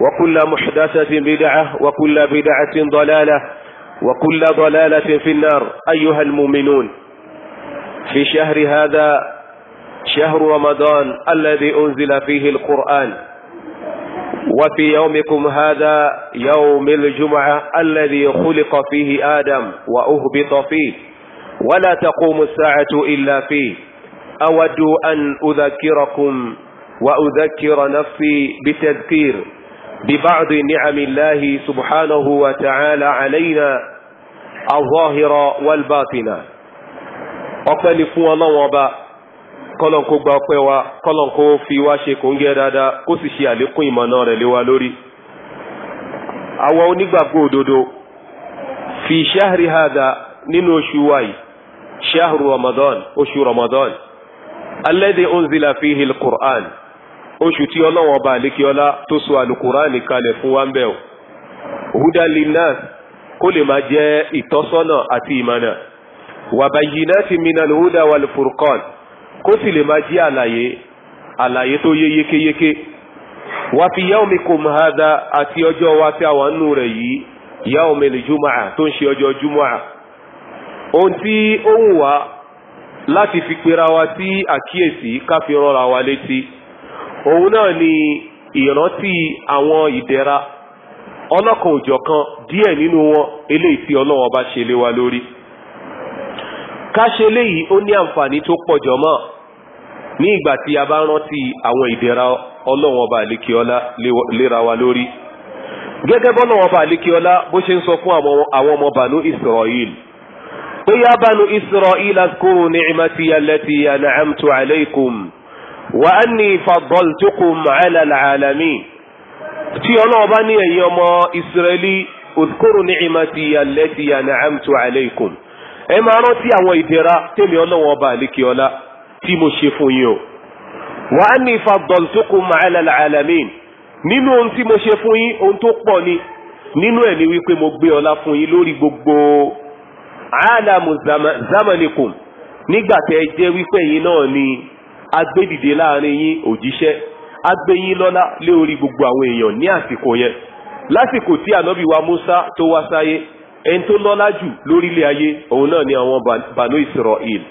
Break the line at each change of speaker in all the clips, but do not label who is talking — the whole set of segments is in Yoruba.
وكل محدثة بدعة وكل بدعة ضلالة وكل ضلالة في النار أيها المؤمنون في شهر هذا شهر رمضان الذي أنزل فيه القرآن وفي يومكم هذا يوم الجمعة الذي خلق فيه آدم وأهبط فيه ولا تقوم الساعة إلا فيه أود أن أذكركم وأذكر نفسي بتذكير ببعض نعم الله سبحانه وتعالى علينا الظاهرة والباطنة ọpẹ́ ni fún ọlọ́wọ́n ọba kọ́lọ̀n kó gba ọpẹ́ wa kọ́lọ̀n kó fi wá ṣe kò ń gẹ́ dáadáa kó sì ṣe àlékún ìmọ̀nà rẹ̀ lé wa lórí àwọn onígbàgbọ́ òdodo fi ṣáàrí hada nínú oṣù wa yìí ṣáàrù ramadan oṣù ramadan alladhi unzila fihi al-Qur'an oṣù tí ọlọ́wọ́n ọba àlékiọlá tó so àlùkùránì kalẹ̀ fún wa ń bẹ̀ ọ́ hudalinas kó lè máa jẹ́ ìtọ́sọ́nà àti ìmọ̀nà wàbàyínàtì minal huda wal furqan kó sì lè máa jẹ́ àlàyé àlàyé tó yé yékéyéké wà fi yawmikum àti ọjọ́ wa tí a wà nù rẹ̀ yìí yawmil Jumaa. tó ń ṣe ọjọ́ jumu'ah ohun tí ó ń wà láti fi pera wa sí àkíyèsí ká fi rọra wa létí òun náà ni ìrántí àwọn ìdẹ̀ra ọlọ́kan òjọ̀kan díẹ̀ nínú wọn eléyìí tí ọlọ́wọ́ bá ṣe lé wa lórí ká ṣe léyìí ó ní àǹfààní tó pọ̀ jọmọ́ ní ìgbà tí a bá rántí àwọn ìdẹ̀ra ọlọ́wọ́n bá lékiọlá léra wa lórí gẹ́gẹ́ bọ́lọ́wọ́n bá lékiọlá bó ṣe ń sọ fún àwọn ọmọ bànú Israel pé yá bànú Israel azkuru ni'mati allati an'amtu alaykum wa anni faddaltukum ala alamin tí ọlọ́wọ́ bá ní ẹ̀yin ọmọ ìsírẹ́lì udhkuru ni'mati allati an'amtu alaykum ẹ máa rántí àwọn ìdẹ̀ra tèmi ọlọ́wọ́ ọba àlékiọlá tí mo ṣe fún yín o wa anni faddaltukum ala alamin nínú ohun tí mo ṣe fún yín ohun tó pọ̀ ni nínú ẹ̀ ni wípé mo gbé ọlá fún yín lórí gbogbo alamu zamanikum nígbà tẹ́ jẹ́ wípé yín náà ni agbédìde láàrin yín òjíṣẹ́ agbéyín lọ́lá lé orí gbogbo àwọn èèyàn ní àsìkò yẹn lásìkò tí ànábì wa Musa tó wá sáyé ẹni tó lọ́lá jù lórílẹ̀ ayé òun náà ni àwọn bànú Israel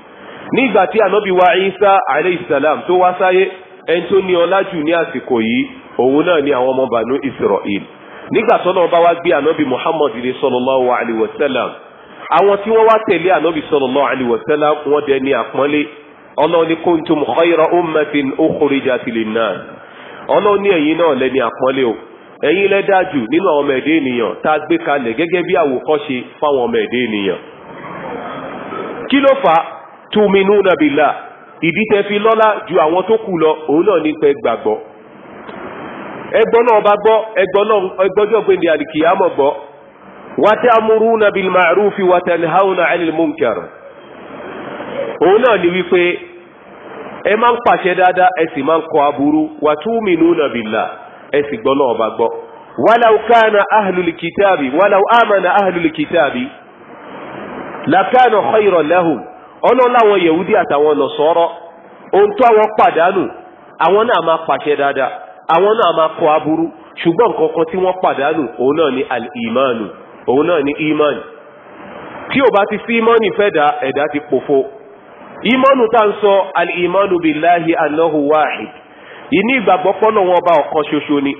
nígbà tí ànábì wa Isa aleyhisselam tó wá sáyé ẹni tó ní ọlá jù ní àsìkò yìí òun náà ni àwọn ọmọ bànú Israel nígbà tó náà bá wá gbé ànábì Muhammad ní sallallahu alayhi wa sallam àwọn tí wọ́n wá tẹ̀lé ànábì sallallahu alayhi wa sallam wọ́n dẹni àpọ́nlé ọlọ́run ní kuntum khayra ummatin ukhrijat linnas ọlọ́run ní ẹ̀yin náà lẹ́ni àpọ́nlé o ẹ̀yin lẹ dáa jù nínú àwọn ọmọ ẹ̀dẹ́ ènìyàn tá a gbé kalẹ̀ gẹ́gẹ́ bí àwòkọ́ṣe fáwọn ọmọ ẹ̀dẹ́ ènìyàn. kí ló fà á tuminuna billah ìdí tẹ fi lọ́lá ju àwọn tó kù lọ òun náà ní pẹ́ gbàgbọ́. ẹgbọ́n náà bá gbọ́ ẹgbọ́jọ́ pé ní òun náà ni wípé ẹ máa ń pàṣẹ dáadáa ẹ sì máa ń kọ aburú wà tu'minuna billah ẹ sì gbọ́ náà bá gbọ́ wàláwù kánà ahlul kitabi wàláwù amànà ahlul kitabi làkánà khayran lahum ọlọ́láwọn yẹ̀wúdí àtàwọn nọ̀sọ́rọ́ ohun tó àwọn pàdánù àwọn náà máa pàṣẹ dáadáa àwọn náà máa kọ aburú ṣùgbọ́n kankan tí wọ́n pàdánù òun ni al òun náà ni imani tí ò ti fẹ́ ẹ̀dá ìmọ̀nù tá à ń sọ al-imanu billahi annahu wahid ìní ìgbàgbọ́ pọ́nà wọn ọba ọ̀kan ṣoṣo ni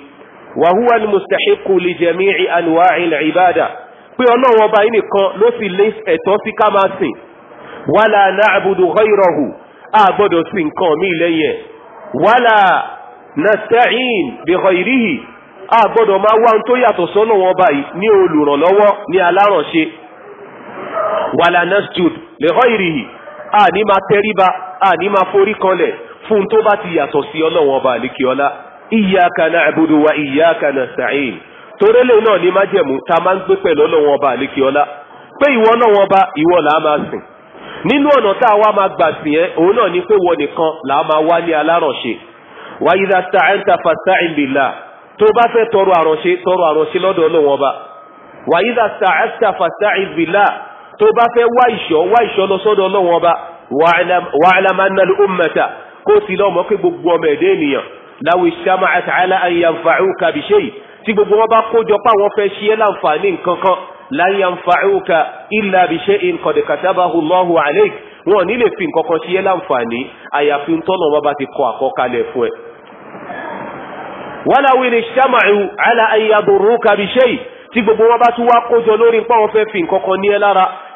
wa huwa al-mustahiqu li jami'i anwa'il ibada pé ọlọ́run ọba yìí nìkan ló sì lé ẹ̀tọ́ sí ká máa sìn wala na'budu ghayrahu a gbọ́dọ̀ sí nǹkan mi lẹ́yìn ẹ̀ wala nasta'in bi ghayrihi a gbọ́dọ̀ máa wá tó yàtọ̀ sọ́nà wọn ọba yìí ní olùrànlọ́wọ́ ní alárànṣe wala nasjud li ghayrihi àní máa tẹríba àní máa forí kanlẹ̀ fún tó bá ti yàtọ̀ sí ọlọ́run ọba àlékiọlá iyyaka na'budu wa iyyaka nasta'in torí lè náà ní májẹ̀mú tá a máa ń gbé pẹ̀lú ọlọ́run ọba àlékiọlá pé ìwọ ọlọ́run ọba ìwọ làá máa sìn nínú ọ̀nà tá a wá máa gbà sìn ẹ́ òun náà ni pé wọ nìkan làá máa wá ní alárànṣe wa idha sta'anta fasta'in billah tó bá fẹ́ tọrọ àrànṣe tọrọ àrànṣe lọ́dọ̀ ọlọ́run ọba wa idha sta'anta fasta'in billah tó bá fẹ́ wá ìṣọ́ wá ìṣọ́ lọ sọ́dọ̀ ọlọ́wọ́n ọba wa'lam anna al-ummata kó sì lọ́mọ pé gbogbo ọmọ ẹ̀dẹ́ ènìyàn law ijtama'at ala an yanfa'uka bi shay' tí gbogbo wọn bá kójọ pé àwọn fẹ́ ṣe é láǹfààní nǹkan kan la yanfa'uka illa bi shay'in qad katabahu Allahu alayk wọn ní lè fi nǹkan kan ṣe láǹfààní àyàfi ń tọ́nà ti kọ àkọkalẹ̀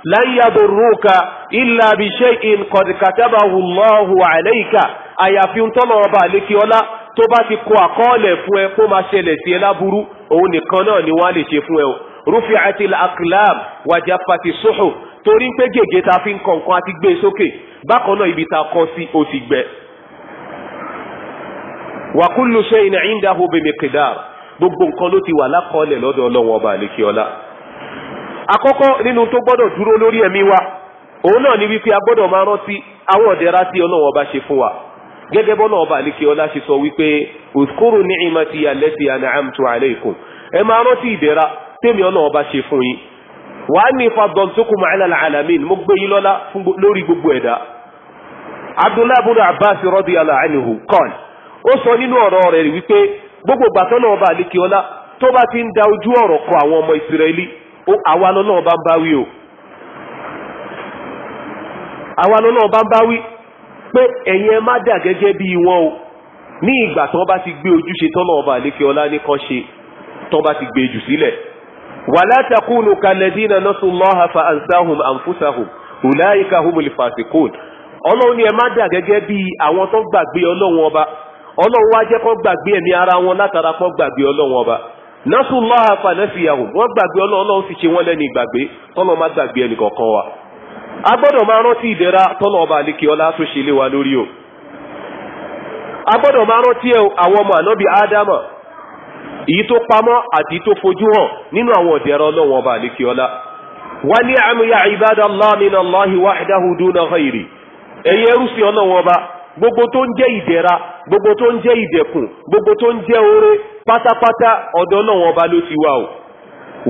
lan yadurruka illa bi shay'in qad katabahu Allahu alayka àyàfi ń tọ́nà ọba àlékí ọlá tó bá ti kọ àkọọ́lẹ̀ fún ẹ kó máa ṣẹlẹ̀ sí ẹ láburú òun nìkan náà ni wọ́n á lè ṣe fún ẹ o rufi'ati al-aqlam wa jaffati suhuf torí pé gègé ta fi ń kọ àti gbé e sókè bákan náà ibi ta kọ sí o ti gbẹ. wa kullu shay'in 'indahu bi gbogbo nǹkan ló ti wà lákọọ́lẹ̀ lọ́dọ̀ ọlọ́wọ́n ọba àlékí ọlá àkọ́kọ́ nínú tó gbọ́dọ̀ dúró lórí ẹ̀mí wa òun náà ni wípé a gbọ́dọ̀ máa rántí àwọn ọ̀dẹ́ra tí ọlọ́wọ́ bá ṣe fún wa gẹ́gẹ́ bọ́lá àlékè ọlá ṣe sọ wípé òkúrò ní ìmọ̀tí àlẹ́sì ànàmtu alaykum ẹ máa rántí ìdẹ́ra tèmi ọlọ́wọ́ bá ṣe fún yín màálà mo gbé yín lọ́lá lórí gbogbo ẹ̀dá abdullahi abu àwa lọ́lọ́wọ́ bá ń bá wí o àwa lọ́lọ́wọ́ bá ń bá wí pé ẹ̀yin ẹ má dà gẹ́gẹ́ bí wọn o ní ìgbà tí wọ́n bá ti gbé ojúṣe tọ́nà ọba àlékè ọlá ní kan ṣe tí wọ́n bá ti gbé jù sílẹ̀ wala takunu kalladhina nasullaha fa ansahum anfusahum ulaika humul fasiqun ọlọ́run ni ẹ má dà gẹ́gẹ́ bí àwọn tó gbàgbé ọlọ́run ọba ọlọ́run wá jẹ́ kó gbàgbé ẹ̀mí ara wọn látara kó gbàgbé ọlọ́run ọba nasullaha fanafiyahum wọ́n gbàgbé ọlọ́ọ̀lọ́ọ̀ fi ṣe wọ́n lẹ́ni ìgbàgbé tọ́lọ́ má gbàgbé ẹnì wa a gbọ́dọ̀ máa rántí ìdẹ̀ra tọ́lọ́ ọba àlekè ọlá tó ṣe lé wa lórí o a gbọ́dọ̀ máa rántí àwọn ọmọ ànábì ádámà èyí tó pamọ́ àti tó fojú hàn nínú àwọn ìdẹ̀ra ọlọ́wọ́n ọba àlekè ọlá wa ní àmúyá ibadallah minallahi wahdahu duna ghairi ẹ̀yẹ rúṣì ọlọ́wọ́n ọba gbogbo tó ń jẹ́ ìdẹ̀ra gbogbo tó ń jẹ́ ìdẹ̀kùn gbogbo tó ń jẹ́ oore pátápátá ọ̀dọ̀ náà ọba ló ti wá o.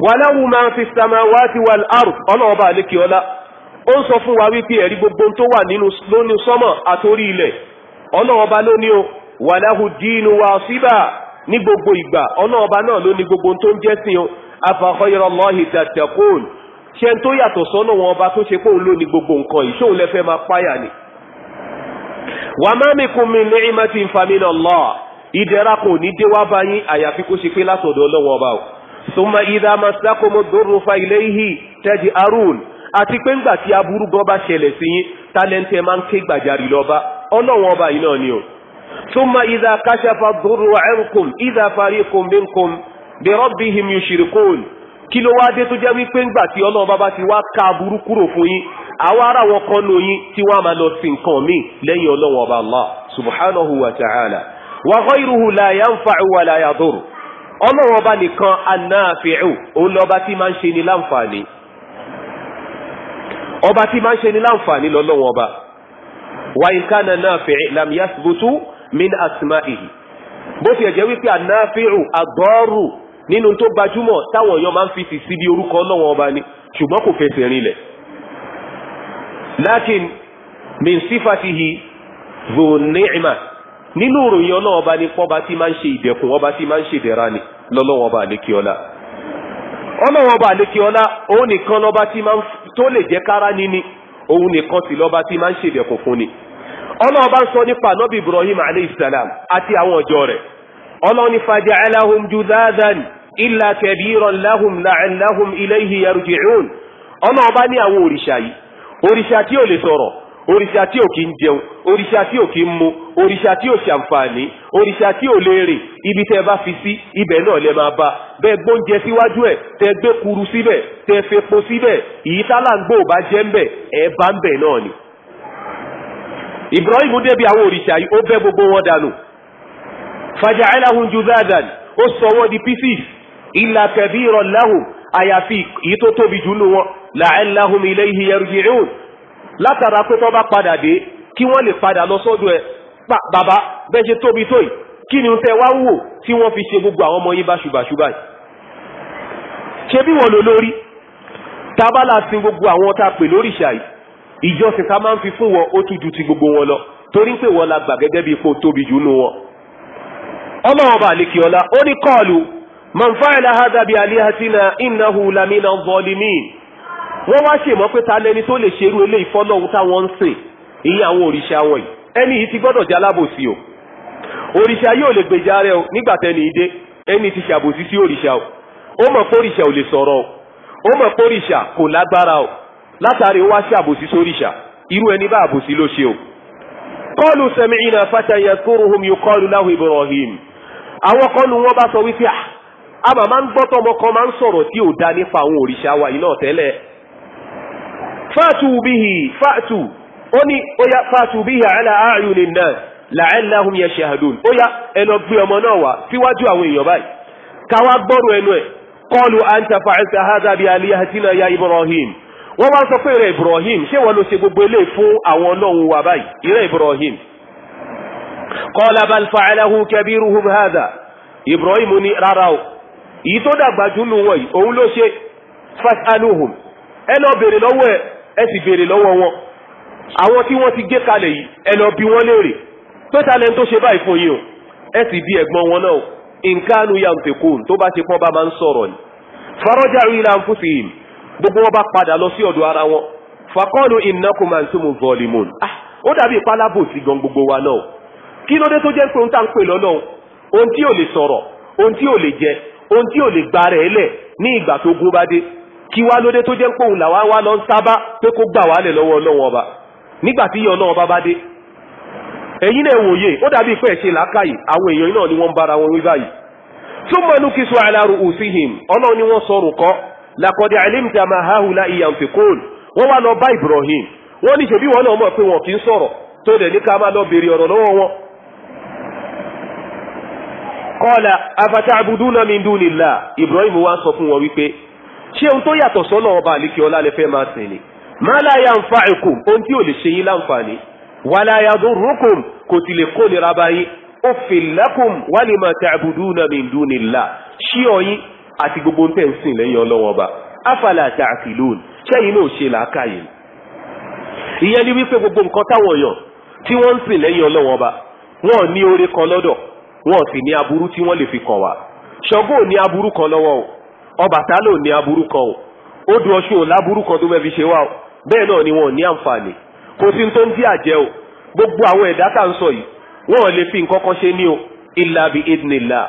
wàláwù máa fi sàmà wá ti wà lárù ọlọ́wọ́ bá lékè ọlá ó ń sọ fún wa wípé ẹ̀rí gbogbo tó wà nínú sọ́mọ̀ àtórí ilẹ̀ ọlọ́wọ́ bá ló ní o wàláhù dínú wa síbà ní gbogbo ìgbà ọlọ́wọ́ bá náà ló ní gbogbo tó ń jẹ́ sí o afàkọ́yọ̀rọ̀ lọ́hìn tàtàkùn ṣe ń tó yàtọ̀ sọ́nà wọn ọba tó ṣe pé òun ló ní gbogbo nǹkan ni wà má mi kún mi ní ìmọ̀tì ìfàmìnà lọ ìdẹ̀ra kò ní dé wá báyìí àyàfi kó ṣe pé látọ̀dọ̀ ọlọ́wọ́ ọba o sọmọ ìdá masakomo dóró fa ilé yìí tẹ́jì arun àti pé ńgbà tí aburú gan ṣẹlẹ̀ sí yín tálẹ́ǹtẹ̀ máa ń ké gbàjarì lọ́ba ọlọ́wọ́ ọba yìí náà ni o sọmọ ìdá káṣáfa dóró ẹ̀ńkùn ìdá farí kùnbínkùn bí rọ́bì him yóò ṣìrìkùn kí ló wá dé tó jẹ́ wípé ńgbà tí ọlọ́run bàbá ti wá ka aburú fún yín àwọn kan tí lọ sí nǹkan míì lẹ́yìn ọlọ́run ọba allah subhanahu wa ta'ala wa ghayruhu la yanfa'u wa la yadurru ọlọ́run ọba nìkan anáàfíù òun lọ́ba tí máa ń ṣe ni ọba tí máa ń ṣe ni ọba wa yasbutu min asma'ihi bó ti wípé adọ́rù nínú tó gbajúmọ̀ táwọn èèyàn máa ń fi sí síbi orúkọ ọlọ́wọ́n ọba ni ṣùgbọ́n kò fẹsẹ̀ lakin min sífàtihi zoni'ima nínú ìròyìn ọlọ́wọ́n ọba ni pọ́ba tí máa ń ṣe ìdẹ̀kùn ọba tí máa ń ṣe ìdẹ̀ra ni lọ́lọ́wọ́n ọba àlékiọlá ọlọ́wọ́n ọba àlékiọlá òun nìkan lọ́ba tí máa ń tó ni aláhùn illa kabiran lahum la'allahum ilayhi yarji'un ọ̀nà ọba ní àwọn òrìṣà yìí òrìṣà tí ò lè sọ̀rọ̀ òrìṣà tí ò kí ń jẹun òrìṣà tí ò kí ń mu òrìṣà tí ò ṣàǹfààní òrìṣà tí ò lè rìn ibi tẹ́ bá fi sí ibẹ̀ náà lẹ máa bá bẹ́ẹ̀ gbóúnjẹ síwájú ẹ̀ tẹ́ gbé kuru síbẹ̀ tẹ́ fepo síbẹ̀ èyí tálàǹgbò bá jẹ́ ńbẹ̀ ẹ̀ bá ńbẹ̀ náà ni. Ibrahim débi àwọn òrìṣà yìí ó bẹ́ gbogbo wọn dànù fàjà ẹlẹ́hùn jù dáadáa ó sọ wọ́n di pieces illa kabiran lahum àyàfi èyí tó tóbi jù nù wọn la'allahum ilayhi yarji'un látara pé tó bá padà dé kí wọ́n lè padà lọ sọ́dọ̀ ẹ̀ pa bàbá bẹ́ẹ̀ ṣe tóbi tó yìí kí ni tẹ́ wá wò tí wọ́n fi ṣe gbogbo àwọn ọmọ yín báṣubàṣu báyìí ṣe bí wọn lò lórí tábàlà sí gbogbo àwọn tá a pè lórí ṣàyí ìjọsìn tá máa ń fi fún wọn ó tún ju ti gbogbo wọn lọ torí pé wọn la gbà gẹ́gẹ́ bí ipò tóbi jù nù wọn ọlọ́wọ́n bá àlekè ọlá ó ní kọ́ọ̀lù man fa'ala hadha bi alihatina innahu lamina zalimin wọ́n wá ṣèmọ́ pé ta lẹni tó lè ṣerú eléyìí fọ́lọ́hun táwọn ń sìn ìyẹn àwọn òrìṣà wọn yìí ẹni yìí ti gbọ́dọ̀ jẹ́ alábòsí o òrìṣà yóò lè gbèjà rẹ o nígbà ìdé ẹni ti ṣàbòsí sí òrìṣà o ó mọ̀ pé òrìṣà ò lè sọ̀rọ̀ o ó mọ̀ pé òrìṣà kò lágbára o látàrí wá ṣàbòsí sóríṣà irú ẹni bá àbòsí ló ṣe o. qalu sami'na a màmá ń gbọ́ tọmọ kan máa ń sọ̀rọ̀ tí ò dá nípa àwọn òrìṣà wa yìí náà tẹ́lẹ̀ fàtù bíhì fàtù ó ní ó yá fàtù bíhì àlà ààyùn ní náà la'allahum yashhadun ó yá ẹ lọ gbé ọmọ náà wá síwájú àwọn èèyàn báyìí káwá gbọ́rọ̀ ẹnu ẹ̀ qalu anta fa'alta hadha bi alihatina ya Ibrahim wọ́n wá sọ pé ìrẹ̀ Ibrahim ṣé wọ́n ló ṣe gbogbo ilé fún àwọn ọlọ́run wa báyìí ìrẹ̀ Ibrahim qala bal fa'alahu kabiruhum hadha Ibrahim ní rárá o èyí tó dàgbà jù nù wọ̀nyí òun ló ṣe fasaluhum ẹ lọ béèrè lọ́wọ́ ẹ ẹ sì béèrè lọ́wọ́ wọn àwọn tí wọ́n ti gé kalẹ̀ yìí ẹ lọ bí wọ́n léèrè pé ta lẹ́nu tó ṣe báyìí fún yín o ẹ sì bí ẹ̀gbọ́n wọn náà o nkánu ya nfẹ̀kùn tó bá ṣe pọ́n bá máa ń sọ̀rọ̀ ni farajà ìlà anfusihim gbogbo wọn bá padà lọ sí ọ̀dọ̀ ara wọn fakọ́lù innakum antumu zalimun ah ó dàbí ìpalábò sí gan gbogbo wa náà kí ló tó jẹ́ pé òun tá ń pè lọ́nà ohun tí ò lè sọ̀rọ̀ ohun tí ò lè jẹ ohun tí ò lè gba rẹ̀ lẹ̀ ní ìgbà tó gún bá dé kí wá lóde tó jẹ́ pé òun làwa wá lọ ń sábà pé kó gbà lọ́wọ́ ọba nígbà tí iye ọlọ́wọ́n ọba bá dé ẹ̀yin náà wòye ó dàbí pé ẹ̀ṣẹ̀ làákàyè àwọn èèyàn náà ni wọ́n ń bára wọn wí báyìí súnmọ́ inú kí sùn àìlárò ọlọ́run ni wọ́n sọ̀rọ̀ kọ́ làkọ́dẹ àìlèmítà máa lọ wọn wọn kọ́ọ̀là afata'buduna min dunillah Ibrahim wá sọ fún wọn wípé ṣé ohun tó yàtọ̀ sọ́nà ọba àlekè ọlá lè fẹ́ máa sìn ni ma la yanfa'ukum ohun tí ò lè ṣe yín láǹfààní wala yadurrukum kò tilẹ̀ kó nira báyìí ó fìlákùn wálìmọ̀ tàbùdúnà mìndúnilá ṣí ọyín àti gbogbo ń tẹ̀sìn lẹ́yìn ọlọ́wọ́ bá afala tààkìlún ṣẹ́yìn náà ṣe làákàyè ìyẹn ni wípé wọn sì ní aburú tí wọ́n lè fi kàn wá ṣọgbó ò ní aburú kan lọ́wọ́ o ọbàtálá ò ní aburú kan o odò ọ̀ṣun ò láburú kan tó fẹ́ fi ṣe wá o bẹ́ẹ̀ náà ni wọn ò ní àǹfààní kò sí tó ń dí àjẹ o gbogbo àwọn ẹ̀dá tá à ń sọ yìí wọn ò lè fi nǹkan kan ṣe ní o illa bi idnillah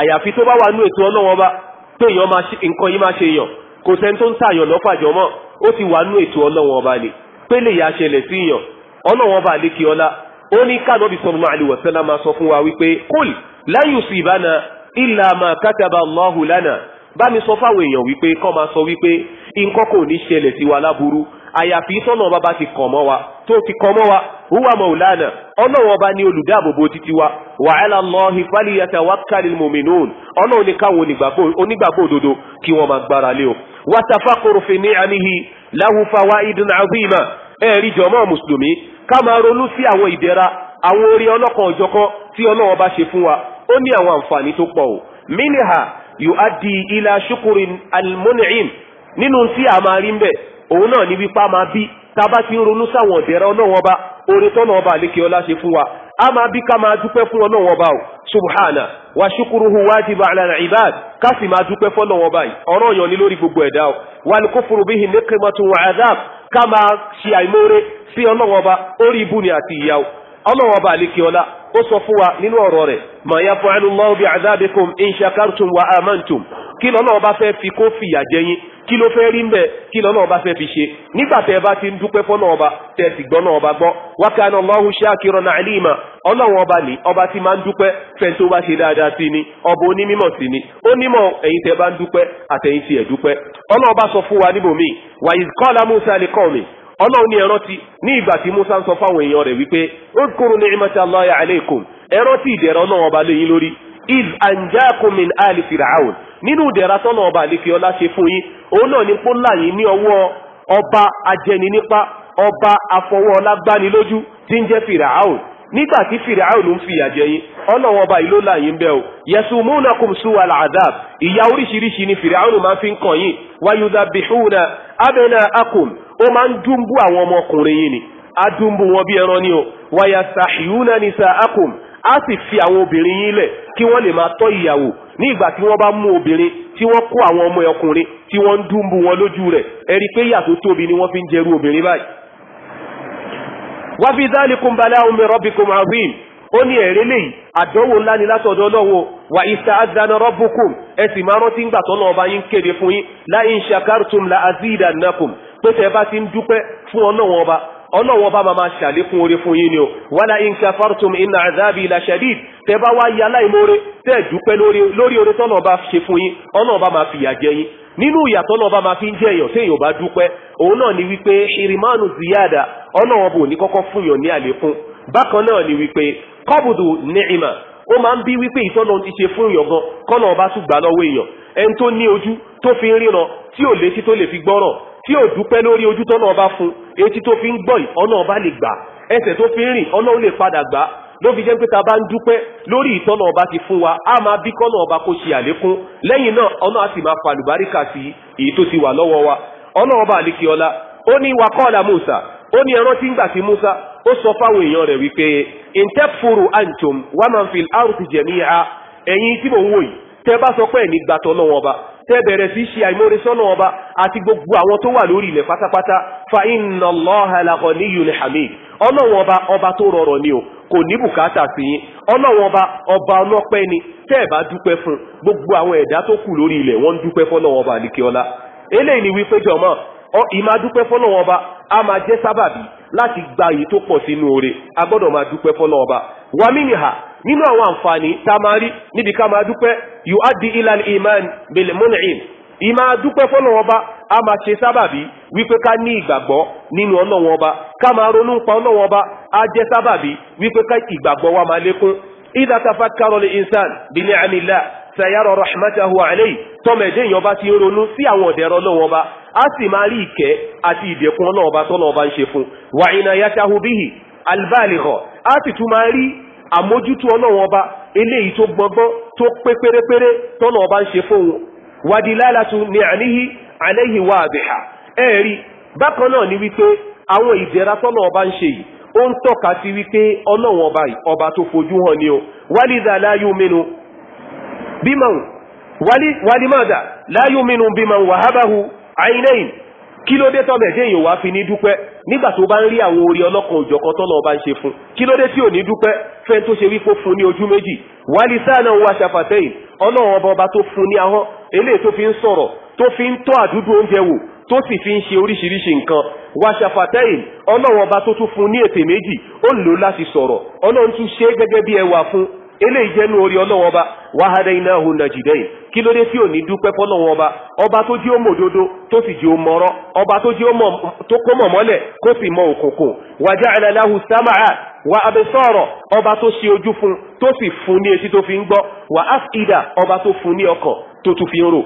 àyàfi tó bá wà nú ètò ọlọ́wọ́n bá téèyàn máa nǹkan yìí máa ṣe yàn kò sẹ́ni tó ń tààyàn lọ́fàjọ́ mọ́ ó ti wà nú ètò ọlọ́wọ́n bá ni pélé ìyá ṣẹlẹ̀ sí yàn ọlọ́wọ́n bá lékè ọlá ó ní ká nọ́bí sallallahu alaihi wasallam máa sọ fún wa wípé kul la yusibana illa ma kataba Allahu lana bá mi sọ fáwọn èèyàn wípé kọ́ máa sọ wípé nǹkan kò ní ṣẹlẹ̀ sí wa láburú àyàfi tọ́nà bàbá ti kàn mọ́ wa tó ti kàn mọ́ wa huwa maulana ọlọ́run ọba ní olùdáàbòbò títí wa wa ala Allahi falyatawakkalil mu'minun ọlọ́run ní káwọn onígbàgbọ́ òdodo kí wọ́n máa gbára lé o. wa tafakkur fi ni'amihi lahu fawaidun azima ẹ̀rí jọ̀mọ́ mùsùlùmí ká máa ronú sí àwọn ìdẹ̀ra àwọn orí ọlọ́kan ọ̀jọ̀kan tí Ọlọ́run bá ṣe fún wa ó ní àwọn àǹfààní tó pọ̀ ila shukrin almun'im nínú tí a máa rí mbẹ̀ òun náà ní wípá máa bí bá ti ń ronú sáwọn ìdẹ̀ra Ọlọ́run ọba tọ́nà ọba àlékè ọlá ṣe fún wa a máa bí o subhana wa ibad ká sì máa dúpẹ́ fọ́lọ́run ọba ọ̀rọ̀ gbogbo ẹ̀dá o kama si ṣe àìmóore sí ọlọ́wọ́n ọba orí ibú ni àti ìyàwó ọlọ́wọ́n ọba àlekè ọlá ó sọ fún wa nínú ọ̀rọ̀ rẹ̀ ma yaf'alullahu bi'adhabikum in shakartum wa amantum kí fẹ́ fi kó fìyà kí ló fẹ́ rí mbẹ́ kí lọ́nà ọba fẹ́ fi ṣe nígbà tẹ́ ẹ bá ti ń dúpẹ́ fọ́nà ọba tẹ́ ẹ sì gbọ́nà ọba gbọ́ wa kana Allahu na alima ọlọ́run ọba ni ọba ti máa ń dúpẹ́ fẹ́ tó bá ṣe dáadáa sí ni ọba onímọ̀ sí ni onímọ̀ ẹ̀yin tẹ́ bá ń dúpẹ́ àtẹ̀yin tí ọba sọ fún wa iz anjakum min ali firaun nínú ìdẹ̀ra tọ́nà ọba àlefẹ́ ọlá ṣe fún yín òun náà ní pọ́nlá yìí ní ọwọ́ ọba ajẹni nípa ọba afọwọ́ ọlágbánilójú tí ń jẹ́ firaun nígbà tí firaun ń fi ìyàjẹ yín ọlọ́wọ́ ọba yìí ló là yín bẹ́ẹ̀ o yasumunakum suwa al'adab ìyà oríṣiríṣi ni firaun máa fi ń kàn yín wayudabihuna abnaakum ó máa ń dúnbú àwọn ọmọkùnrin yín ni adúnbú wọn bí ẹran ni o wayastahiyuna nisaakum á sì fi àwọn obìnrin yín lẹ̀ kí wọ́n lè máa tọ́ ìyàwó ní ìgbà tí wọ́n bá mú obìnrin tí wọ́n kó àwọn ọmọ ọkùnrin tí wọ́n ń dùnbù wọn lójú rẹ̀ ẹ rí pé yàtọ̀ tóbi ni wọ́n fi ń jẹrú obìnrin báyìí. wá fi dhalikum bala'un min rabbikum azim ó ní ẹ̀rẹ́ lèyí àdánwò ńlá ni látọ̀dọ̀ ọlọ́wọ́ wà ìta àdánà rabbukum ẹ sì máa rántí ńgbà tọ́nà ọba yín kéde fún yín la in shakartum la azidannakum pé tẹ́ bá ti ń dúpẹ́ fún ọlọ́wọ́n ọba ọlọ́wọ́n bá máa ṣàlékún oore fún yín ni o wala in kafartum inna azabi la shadid tẹ bá wá yà aláìmoore tẹ dúpẹ́ lórí orí tọ́nà bá ṣe fún yín ọ̀nà bá ma fìyà jẹ yín nínú ìyàtọ̀ náà bá ma fi ń jẹ́ èèyàn téèyàn bá dúpẹ́ òun náà ni wípé ṣìrìmánù ziyada ọlọ́wọ́n bò ní kọ́kọ́ ní àlékún bákan náà ni wípé kọ́bùdù ó máa ń bí wípé ìtọ́nà ti ṣe fún gan tí o dúpẹ́ lórí ojú tọ́nà ọba fún etí tó fi ń gbọ́ ọ̀nà ọba lè gbà ẹsẹ̀ tó fi ń rìn ọ̀nà ó lè padà gbà ló jẹ́ pé ta bá ń dúpẹ́ lórí ìtọ́nà ọba ti fún wa a máa bí kọ́nà ọba kò ṣe àlékún lẹ́yìn náà ọ̀nà àti máa fa àlùbáríkà sí èyí tó ti wa ọ̀nà ọba ó ní Musa ó ní ẹran tí ń gbà sí Musa ó sọ fáwọn èèyàn rẹ̀ wípé tẹ́bẹ̀rẹ̀ sí ṣe àìmọ́re sọ́nà ọba àti gbogbo àwọn tó wà lórí ilẹ̀ pátápátá fa inna Allaha laghaniyun hamid ọlọ́wọ́n ọba ọba tó rọrọ̀ ni o kò ní bùkátà sí yín ọlọ́wọ́n ọba ọba ọlọ́pẹ́ ni tẹ́ gbogbo àwọn ẹ̀dá tó kù lórí ilẹ̀ wọ́n ń dúpẹ́ fọ́lọ́wọ́n ọba àdìkíọ́lá eléyìí ni wípé ọba a máa jẹ́ sábàbí láti gba èyí tó pọ̀ sínú oore a ọba nínú àwọn àǹfààní tá a máa rí níbi ká máa dúpẹ́ yóò á di ilal iman bil mun'im ìmá dúpẹ́ bá a máa ṣe sábàbí wípé ká ní ìgbàgbọ́ nínú bá ká máa ronú pa bá a jẹ́ sábàbí wípé ká ìgbàgbọ́ wa máa lékún idha tafakkara insan bi ni'amillah sayara rahmatahu alayhi tọ́mẹ̀dé èèyàn bá ti ń ronú sí àwọn ọ̀dẹ̀rọ̀ ọlọ́wọ́ bá a sì máa rí ìkẹ́ àti ìdẹ̀kùn bá bihi a sì àmójútó ọlọ́run ọba eléyìí tó gbọgbọ́n tó pé pérépéré tọ́nà ọba ń ṣe fóun wadi lálàtú ní àníhí àléhìí wà àbẹ̀hà ẹ̀rí bákan náà ni wípé àwọn ìdẹ̀ra tọ́nà ọba ń ṣe yìí ó ń tọ́ka sí wípé ọlọ́run ọba yìí ọba tó fojú hàn ni o wálídà láyú mínú bímọ wálímọ̀dà láyú mínú bímọ wàhábàhù àìnẹ́yìn kí ló dé tọ́bẹ̀ dé èèyàn wá fi ní dúpẹ́ nígbà tó bá ń rí àwọn orí ọlọ́kan òjọ̀kan tọ́lọ̀ ọba ń ṣe fún kí ló dé tí ò ní dúpẹ́ fẹ́ tó ṣe wípé fún ní ojú méjì wálé sáànà wa ṣàfàtẹ́yìn ọlọ́run ọba ọba tó fún ní ahọ́n eléyìí tó fi ń sọ̀rọ̀ tó fi ń tọ́ àdúgbò oúnjẹ wò tó sì fi ń ṣe oríṣiríṣi nǹkan wa ọlọ́run ọba tó tún fún ní ètè méjì ó lò láti sọ̀rọ̀ ọlọ́run tún ṣe gẹ́gẹ́ bí ẹwà fún eléyìí jẹ́ nú orí ọlọ́wọ́ ọba wàhádẹ́ iná ọ̀hún nàìjíríà kí ló dé tí ò ní dúpẹ́ fọlọ́wọ́ ọba ọba tó jí ó mọ̀ òdodo tó sì jí ó ọba tó jí ó kó mọ̀ mọ́lẹ̀ kó sì mọ òkùnkùn wàjá àlàláhu sámàá wà abẹ́sọ̀rọ̀ ọba tó ṣe ojú fún tó sì fún ní etí tó fi ń gbọ́ wà ọba tó fún ní tó tún fi ń rò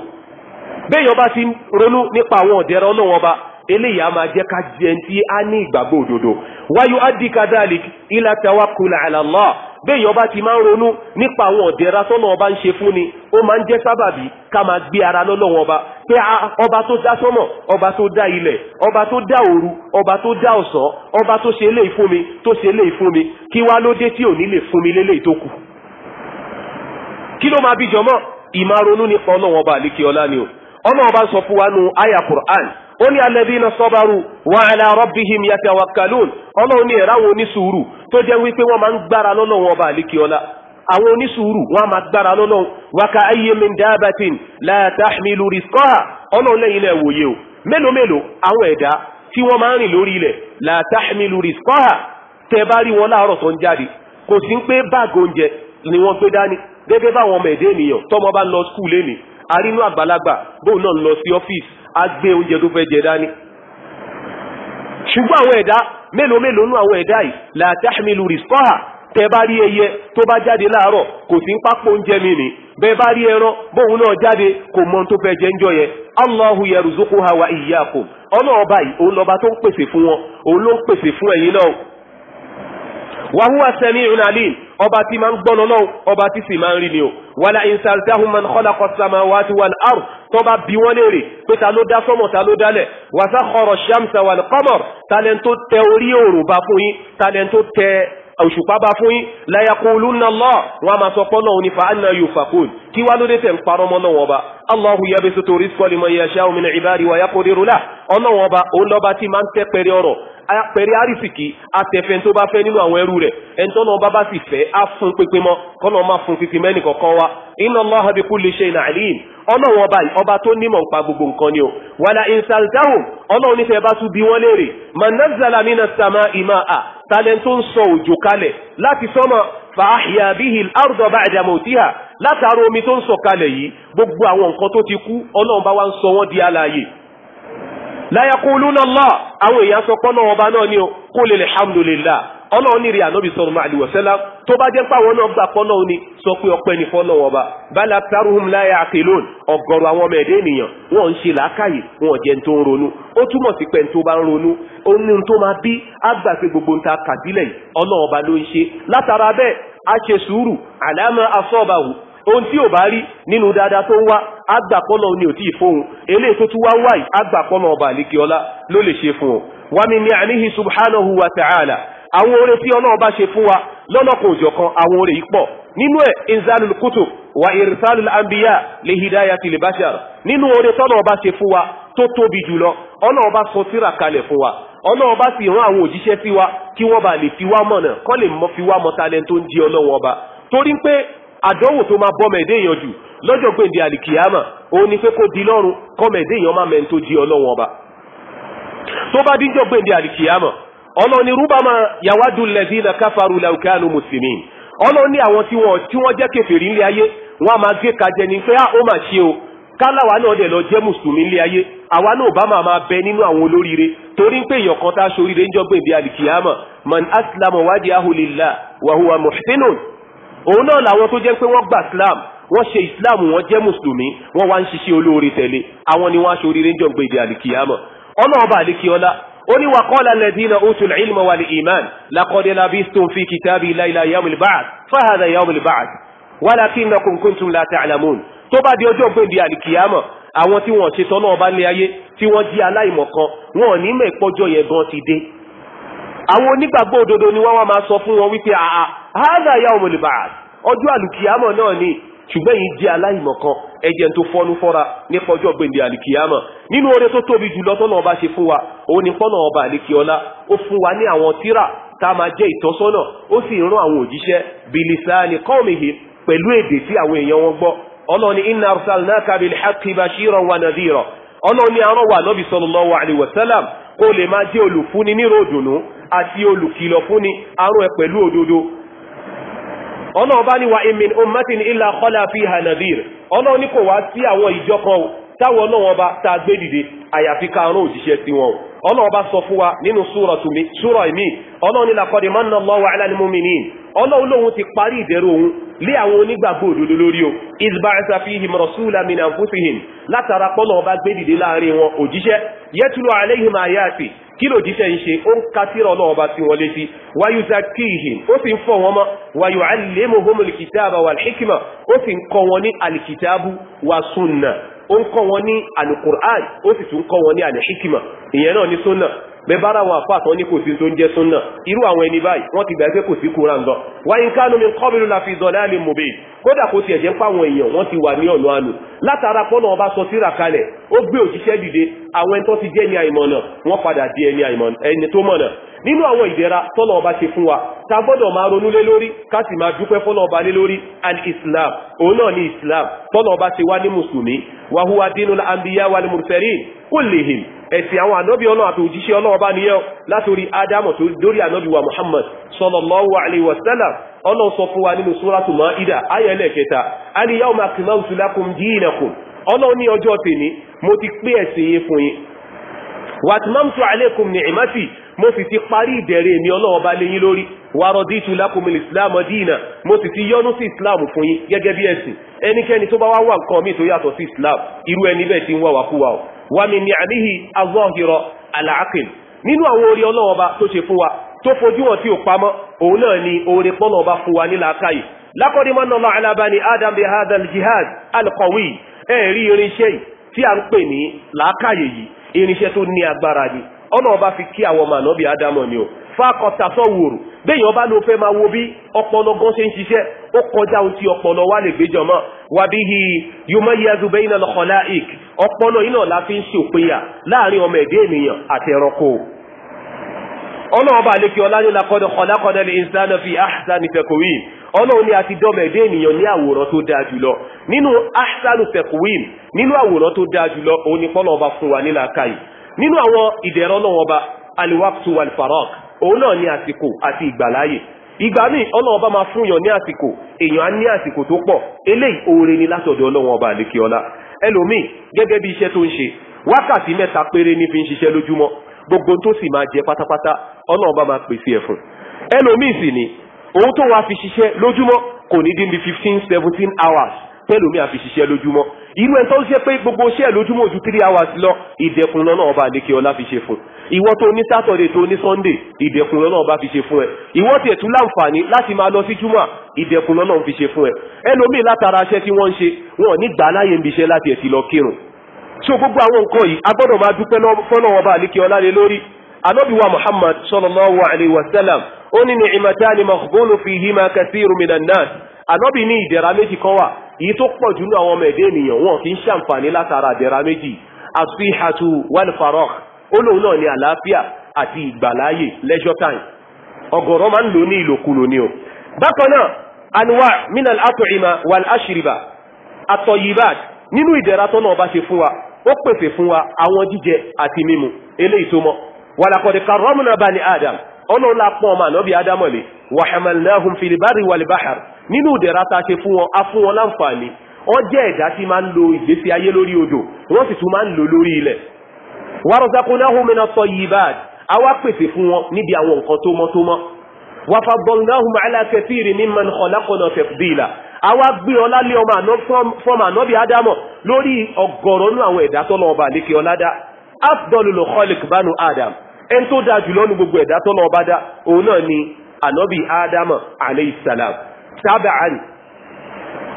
ti ronú nípa àwọn ọba eléyìí a máa jẹ́ ká jẹ́ a ní ìgbàgbọ́ òdodo wáyú ilà bẹ́ẹ̀ yọba ti máa ń ronú nípa àwọn ọ̀dẹ́ra sọ́nà ọba ń ṣe fún ni ó máa ń jẹ́ sábàbí ká máa gbé ara lọ́lọ́wọ́n ọba pé ah, ọba tó dá sọ́mọ̀ ọba tó dá ilẹ̀ ọba tó dá òru ọba tó dá ọ̀sán ọba tó ṣe eléyìí fún mi tó ṣe eléyìí fún mi kí wá ló dé tí ò ní lè fún mi léléyìí tó kù kí ló máa bí jọmọ́ ìmáronú nípa ọlọ́wọ́n ọba àlékè ọlá ni o ọlọ́wọ́n ọba sọ fún wa nu aya Qur'an ó ní alladhina sabaru wa ala rabbihim yatawakkalun ọlọ́run ní ẹ̀ráwọn onísùúrù tó jẹ́ wípé wọ́n máa ń gbára lọ́nà wọn ọba àlékè ọlá àwọn onísùúrù wọn a máa gbára lọ́nà wákà ayé min dábàtìn la tahmilu rizqaha ọlọ́run lẹ́yìn ilẹ̀ wòye o mélòó mélòó àwọn ẹ̀dá tí wọ́n máa ń rìn lórí ilẹ̀ la tahmilu rizqaha tẹ bá rí wọn láàárọ̀ tó ń jáde kò sí pé báàgì oúnjẹ ni wọ́n gbé dání gẹ́gẹ́ báwọn ọmọ ẹ̀dẹ́ ènìyàn tọ́mọ bá lọ skul lẹ́nìí arínú àgbàlagbà bóun náà lọ sí ọ́fíìsì á gbé oúnjẹ tó fẹ́ jẹ dání ṣùgbọ́n àwọn ẹ̀dá mélòó mélòó nú àwọn ẹ̀dá yìí la tahmilu risqaha tẹ bá rí ẹyẹ tó bá jáde láàárọ̀ kò sí ń pápó oúnjẹ mi nì bẹ́ẹ̀ bá rí ẹran bóun náà jáde kò mọ tó fẹ́ jẹ ń jọ yẹ Allahu yarzuquha wa iyyakum ọlọ́ọ̀ba yìí òun lọ́ba tó ń pèsè fún wọn òun ló ń pèsè fún ẹ̀yin náà wa huwa sami'un alim ọba tí máa ń gbọ́nà náà ọba tí sì máa ń rí ni o wala in tó bá bi wọ́n léèrè pé ta ló dá sọ́mọ̀ ta ló dálẹ̀ wàsá kọrọ̀ ṣàmùsà wal qamar talẹ̀ tó tẹ orí òòrùn bá fún yín talẹ̀ tó tẹ òṣùpá bá fún yín la yaqulunna Allah wọn a máa sọ pọ́nà òní fa anna yufakun kí wá ló dé tẹ̀ ń parọ́ mọ́ náà wọ́n ba Allahu yabsutu rizqa liman yasha'u min ibadihi wa yaqdiru lahu ọ̀nà wọ́n ba òun lọ́ba tí máa ń tẹ́ pẹ̀rẹ́ ọ̀rọ̀ apẹ̀rẹ̀ àrísìkì atẹ̀fẹ́ tó bá fẹ́ nínú àwọn ẹrú rẹ̀ ẹ̀ńtọ́ náà bá bá sì fẹ́ á fún pínpín mọ́ kọ́nà má fún pínpín mẹ́nì kọ̀ọ̀kan wa inna Allaha bi kulli shay'in alim ọlọ́run ọba ọba tó nímọ̀ nípa gbogbo nǹkan ni o wàlà ìsàldáhùn ọlọ́run nífẹ̀ẹ́ bá tún bí wọ́n léèrè manazala mina sama ima a talẹ̀ tó ń sọ òjò kalẹ̀ láti sọ́mọ fàáhìá bíhì àrùdọ̀ bá àdàmọ̀ òtíhà omi tó ń sọ kalẹ̀ yìí gbogbo àwọn nǹkan tó ti kú ọlọ́run bá wá ń sọ wọ́n di alààyè la yaquluna Allah àwọn èèyàn sọ pọ́nà ọba náà ni o kó lè alhamdulillah ọlọ́run ní ìrìn ànábì sọ̀rọ̀ máa lè wọ̀sẹ́lá tó bá jẹ́ pàwọn náà gbà pọ́nà òní sọ pé ọpẹ́ ní fọ́nà ọba bala taruhum la yaqilun ọ̀gọ̀rọ̀ àwọn ọmọ ẹ̀dẹ́ ènìyàn wọ́n ń ṣe làákàyè wọ́n jẹ́ tó ń ronú ó túmọ̀ sí pé tó bá ń ronú ohun tó máa bí àgbà gbogbo nta kàdílẹ̀ yìí ọlọ́run ọba ló ń ṣe látara bẹ́ẹ̀ a ṣe sùúrù àlámà asọ́ọ̀bàwù ohun tí ò bá rí nínú dáadáa tó ń wá agbàpọ́lọ̀ ni ò tí ì fóun eléyìí tó tún wá wà yìí agbàpọ́lọ̀ ọba àlékè ọlá ló lè ṣe fún un wa min ni'amihi subhanahu wa ta'ala àwọn oore tí ọlọ́run bá ṣe fún wa lọ́nà kò jọ kan àwọn oore yìí pọ̀ nínú ẹ̀ inzalul kutub wa irsalul anbiya li hidayati li bashar nínú oore tọ́lọ́run bá ṣe fún wa tó tóbi jùlọ ọlọ́run bá sọ tírà kalẹ̀ fún wa ọlọ́run bá sì rán àwọn òjíṣẹ́ sí wa kí wọ́n bá lè fi wá mọ̀nà kọ́ lè fi wá mọ̀ta lẹ́ni tó ń di ọlọ́run ọba torí pé àdánwò tó máa bọ́mọ ẹ̀dẹ́ èèyàn jù lọ́jọ́ gbèǹde àlìkìyàmà òun ni pé kó di lọ́rùn kọ́mọ èèyàn máa mẹ́ni tó di ọlọ́wọ́n ọba tó bá díjọ́ gbèǹde àlìkìyàmà ọlọ́ni yàwádùn káfàrú mùsùlùmí àwọn tí wọ́n tí wọ́n jẹ́ o káláwa náà dẹ̀ lọ jẹ́ mùsùlùmí ńlẹ̀ ayé àwa náà bá máa máa bẹ nínú àwọn olóríire torí pé èèyàn tá a muhsinun òun náà làwọn tó jẹ́ pé wọ́n gba islam wọ́n ṣe islam wọ́n jẹ́ mùsùlùmí wọ́n wá ń ṣiṣẹ́ olóore tẹ̀lé àwọn ni wọ́n aṣọ oríire ń jọ gbé ìdí àlìkìyàmọ̀ ọlọ́ọ̀bà àlìkìyọ́lá ó ní wàkọ́lá lẹ́dínà òtún ìlmọ̀ wà ní iman lakọ́dẹ́lá bí tó kìtàbí láìla yamul ba'ad fáhàdà yamul ba'ad walakinnakum kuntum la ta'lamun tó bá di ọjọ́ gbèndé àlìkìyàmọ̀ àwọn tí wọ́n ṣe àwọn onígbàgbọ́ òdodo ni wọ́n wá máa sọ fún wọn wípé àà hádà yà ọmọ ìbà ọjọ́ àlùkìyàmọ̀ náà ni ṣùgbọ́n yìí jẹ́ aláìmọ̀kan ẹjẹ́ tó fọ́nú fọ́ra nípa ọjọ́ gbèndé àlùkìyàmọ̀ nínú oore tó tóbi jùlọ tọ́nà ọba ṣe fún wa òun ni pọ́nà ọba àlekìọ́lá ó fún wa ní àwọn tírà tá a máa jẹ́ ìtọ́sọ́nà ó sì rán àwọn òjíṣẹ́ bilisani kọ́ọ̀mìhì pẹ̀lú èdè tí àwọn èèyàn wọn gbọ́ ọlọ́ni inna arsalnaka bil haqqi bashiran alaihi wasallam kó lè máa jẹ́ olùfúnni nírò òdùnnú àti olùkìlọ̀ fúnni arún ẹ pẹ̀lú òdodo ọ̀nà ọba ni wa imin ummatin illa khala fiha nadhir ọ̀nà ní kò wá sí àwọn ìjọ kan táwọn náà wọn bá tá a gbé dìde àyàfi ká arún òjíṣẹ́ sí wọn ọ̀nà ọba sọ fún wa nínú súrọ̀ mi ọ̀nà ni laqad manna Allahu ala al-mu'minin ọ̀nà olóhun ti parí ìdẹ̀rù òun lé àwọn onígbàgbọ́ òdodo lórí o isba'asa fihim rasulan min anfusihim látara pọ́nà ọba gbé dìde láàrin wọn òjíṣẹ́ yatlu alayhim ayati kí ló jíṣẹ́ ń ṣe ó ń ka tírà ọlọ́run ọba sí wọn létí wayuzakihim ó sì ń fọ̀ wọn mọ́ wayuallimuhumul kitaba wal hikima ó sì ń kọ́ wọn ní alikitabu wa sunna ó ń kọ́ wọn ní alukur'an ó sì tún kọ́ wọn ní alihikima ìyẹn náà ní sunna bẹ bára wọn àpá àtọ́ ní kò sí tó ń jẹ́ súnà irú àwọn ẹni báyìí wọ́n ti gbà pé kò sí kúra ńlọ wáyé kánú mi kọ́bìnrin la fi dọ̀lẹ́ àlè mòbe kódà kò tiẹ̀ jẹ́ pàwọn èèyàn wọ́n ti wà ní ọ̀nà àlò látara pọ́nà ọba sọ síra kalẹ̀ ó gbé òjíṣẹ́ dìde àwọn ẹni tó ti jẹ́ ní àìmọ̀nà wọ́n padà di ẹni àìmọ̀nà ẹni tó mọ̀nà nínú àwọn ìdẹ̀ra tọ́lọ̀ ọba ṣe fún wa ta gbọ́dọ̀ máa ronú lé lórí ká máa dúpẹ́ fọ́lọ̀ ọba lé lórí al-islam òun náà ni islam tọ́lọ̀ ọba ṣe wá ní mùsùlùmí wa huwa dinul anbiya wal mursalin kullihim ẹ̀sìn àwọn ànábì ọlọ́ àti òjíṣẹ́ ọlọ́wọ́ bá níyẹn látòrí ádámọ̀ tó dórí ànábì wa muhammad sallallahu alaihi wasallam sọ fún wa nínú súrátù Maida ayẹlẹ̀ kẹta al yawma akmaltu lakum dinakum ọlọ́run ní ọjọ́ tèmi mo ti pé ẹ̀sìn yìí fún yín wàtúmọ̀mùtù alaykum ní ìmásì mo sì ti parí ìdẹ̀rẹ̀ mi ọlọ́run bá léyìn lórí islam dínà mo sì ti sí islam fún yín gẹ́gẹ́ bí ẹ̀sìn ẹnikẹ́ni tó bá wá wà nǹkan tó islam irú ẹni bẹ́ẹ̀ ti ń wà o wà mí ní àníhì azọ́hìrọ̀ nínú àwọn orí ọlọ́run bá tó ṣe fún wa tó ọba fún wa nílàákàyè mọ́nà ẹ rí irinṣẹ́ yìí tí a ń pè ní làákàyè yìí irinṣẹ́ tó ní agbára ni ọ̀nà ọba fi kí àwọn ọmọ ànábì ádámọ̀ ni o sọ sọ̀wòrò béèyàn bá ló fẹ́ máa wo bí ọpọlọ gan ṣe ń ṣiṣẹ́ ó kọjá ohun tí ọpọlọ wà lè gbéjọ mọ́ ik ọpọlọ la fi ń ṣòpinya láàrin ọmọ ènìyàn àti ẹranko lè ọlá ní fi àhásá ọlọ́run ni a ti dọ́mọ ẹ̀dá ènìyàn ní àwòrán tó dáa jùlọ nínú ahsanu tekwim nínú àwòrán tó dáa jùlọ òun ni pọ́nà ọba fún wa ní làákàyè nínú àwọn ìdẹ̀rọ náà ọba aliwaktu walfarok òun náà ní àsìkò àti ìgbàláyè ìgbà míì ọlọ́run ọba máa fún yàn ní àsìkò èèyàn á ní àsìkò tó pọ̀ eléyìí oore ni látọ̀dọ̀ ọlọ́run ọba àlékiọlá ẹlòmíì gẹ́gẹ́ bí iṣẹ́ tó ń ṣe wákàtí mẹ́ta péré ní fi ń ṣiṣẹ́ lójúmọ́ gbogbo tó sì máa jẹ pátápátá ọlọ́run ọba máa pèsè ẹ̀ ẹlòmíì sì ni òun tó wàá fi ṣiṣẹ́ lójúmọ́ kò ní dín bí fifteen seventeen hours pẹ̀lú mi àfi ṣiṣẹ́ lójúmọ́ irú ẹ̀ tó ń ṣe pé gbogbo iṣẹ́ lójúmọ́ ju three hours lọ ìdẹ̀kùn lọ́nà ọba àdékè ọlá fi ṣe fún ìwọ tó ní sátọ̀dẹ̀ tó ní sunday ìdẹ̀kùn lọ́nà ọba fi ṣe fún ẹ ìwọ tiẹ̀ tún láǹfààní láti máa lọ sí júmọ́ ìdẹ̀kùn lọ́nà fi ṣe fún ẹ ẹlòmíì látara aṣẹ́ tí wọ́n ń ṣe wọn ò ní gbà láyé ń láti ẹ̀ ti lọ kírun so gbogbo àwọn nǹkan yìí a gbọ́dọ̀ máa dúpẹ́ fọ́nà ọba àdékè ọlá lé lórí Ànábì wa Muhammad sallallahu alayhi wa sallam ó ní ní ni'matani maghbunun fihima kathiru minan nas Ànábì ní ìdẹ̀ra méjì kan wà èyí tó pọ̀ jù nínú àwọn ọmọ ẹ̀dẹ́ ènìyàn wọn kì í ṣàǹfààní látara ìdẹ̀ra méjì asihatu wal ó lóun náà ní àlàáfíà àti ìgbàláyè leisure time ọ̀gọ̀rọ̀ máa ń lò ní ìlòkulò ni o bákan náà anwa minal at'ima wal ashriba at nínú ìdẹ̀ra tó náà bá ṣe fún wa ó pèsè fún wa àwọn jíjẹ àti mímu eléyìí tó mọ́ walakọ̀dì karọ́mùnà bani adam ọlọ́run la pọ́n ọmọ ànábì adamu lè wa hamalnahum fil barri wal bahr nínú ìdẹ̀ra ta ṣe fún wọn a fún wọn láǹfààní wọ́n jẹ́ ẹ̀dá tí máa ń lo ìgbésí ayé lórí odò wọ́n sì tún máa ń lo lórí ilẹ̀ warzaqnahum min at-tayyibat a afdolulu kọlik banu adam ẹni tó dáa jùlọ ní gbogbo ẹ̀dá tọ́lọ́ ọba dá òun náà ni anabi adam alayhi salam sábàáni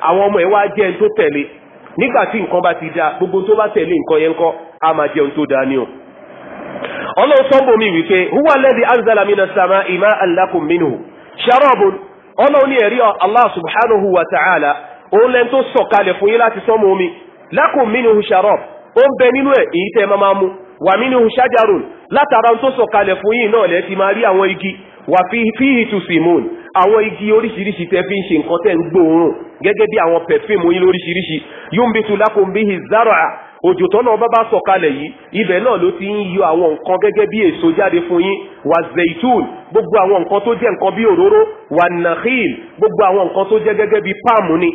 àwọn ọmọ ẹ̀ wá jẹ́ ẹni tó tẹ̀lé nígbà tí nǹkan bá ti dáa gbogbo tó bá tẹ̀lé nǹkan yẹn kọ́ a máa jẹun tó dáa ni o. ọlọ́run sọ́ńbọ̀ mi wípé huwa alladhi anzala minas sama'i ma'an lakum minhu sharabun ọlọ́run ní ẹ̀rí allah subhanahu wa ta'ala òun lẹ́ni tó sọ̀kalẹ̀ fún yín láti sọ́mọ́ omi lakum minhu sharab ó ń bẹ nínú ẹ̀ èyí tẹ́ máa mú wà minhu shajarun látara tó sọ̀kalẹ̀ fún yìí náà lẹ́ ti máa rí àwọn igi wà fihi tusimun àwọn igi oríṣiríṣi tẹ́ fi ń ṣe nǹkan tẹ́ ń gbóòórùn gẹ́gẹ́ bí àwọn pẹ̀fíìmù yín lóríṣiríṣi yumbitu lakum bihi zar'a òjò tọ́nà bá bá sọ̀kalẹ̀ yìí ibẹ̀ náà ló ti ń yọ àwọn nǹkan gẹ́gẹ́ bí èso jáde fún yín wà zaitun gbogbo àwọn nǹkan tó jẹ́ nǹkan bí òróró wà nakhil gbogbo àwọn nǹkan tó jẹ́ gẹ́gẹ́ bí páàmù ni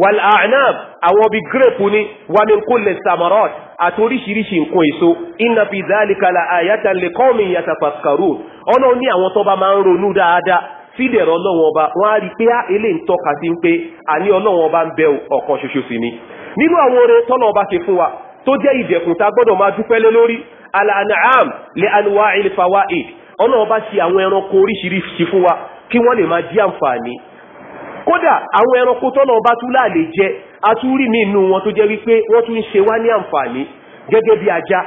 wal a'nab àwọn bíi grape ni wa min kulli samarat àti oríṣiríṣi nǹkan èso inna fi dhalika la ayatan li qawmin yatafakkarun ọlọ́run ní àwọn tó bá máa ń ronú dáadáa fídẹ̀rẹ̀ ọlọ́run ọba wọ́n á rí pé á ah, eléyìí ń tọ́ka sí pé àní ọlọ́run ọba ń bẹ ọ̀kan ṣoṣo sí ni nínú àwọn oore tọ́lọ́ ọba ṣe fún wa tó jẹ́ ìdẹ̀kùn tá a gbọ́dọ̀ máa dúpẹ́ lé lórí al-an'am li anwa'il fawaid ọba ṣe àwọn ẹranko oríṣiríṣi fún wa kí wọ́n lè máa jí àǹfààní kódà àwọn ẹranko tọ́nà ọba tún láàlè jẹ atúrí mi inú wọn tó jẹ́ wípé wọn tún ń ṣe wá ní àǹfààní gẹ́gẹ́ bí ajá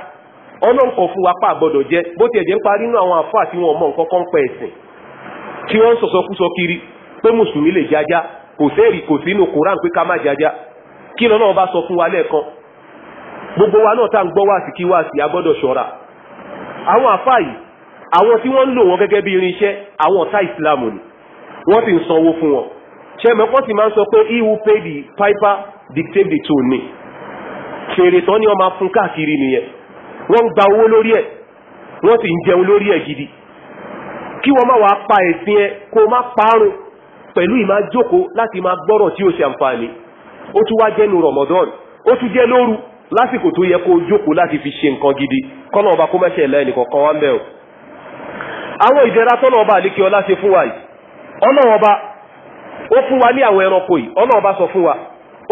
ọlọ́nkọ̀ fún wa pa àgbọ̀dọ̀ jẹ bó tiẹ̀ jẹ́ ń parí inú àwọn àfáà tí wọ́n mọ nǹkan kan pẹ̀ ẹ̀sìn tí wọ́n ń sọ̀sọkúsọ kiri pé mùsùlùmí lè jájá kò sẹ́ẹ̀rì kò sínú koran pé ká má jájá kí lọ́nà ọba sọ fún wa lẹ́ẹ̀kan gbogbo wa náà tá ń gbọ́ wáàsí kí wáàsí a gbọ́dọ̀ ṣọ́ra àwọn àfáà yìí àwọn tí wọ́n ń lò wọn gẹ́gẹ́ bí irinṣẹ́ àwọn ọ̀tá ìsìlámù ni wọ́n sì ń sanwó fún wọn ṣẹ́mẹ̀ wọ́n sì máa ń sọ pé he who pay the piper dictate the tone ni fèrè tán ni wọ́n máa fún káàkiri nìyẹn wọ́n ń gba owó lórí ẹ̀ wọ́n sì ń jẹun lórí ẹ̀ gidi kí wọ́n má wàá pa ẹ̀sìn ẹ kó má parun pẹ̀lú ìmá láti máa gbọ́rọ̀ tí o ṣe àǹfààní ó tún wá jẹ́nu Ramadan ó tún jẹ́ lóru lásìkò tó yẹ kó jókòó láti fi ṣe nǹkan gidi kọ́nà ọba kó mẹ́ṣẹ̀ lẹ́yìn kọ̀ọ̀kan wá ń àwọn tọ́nà ọba ọlá ṣe wa yìí ọba. ó fún wa ní àwọn ẹranko yìí ọlọ́run bá sọ fún wa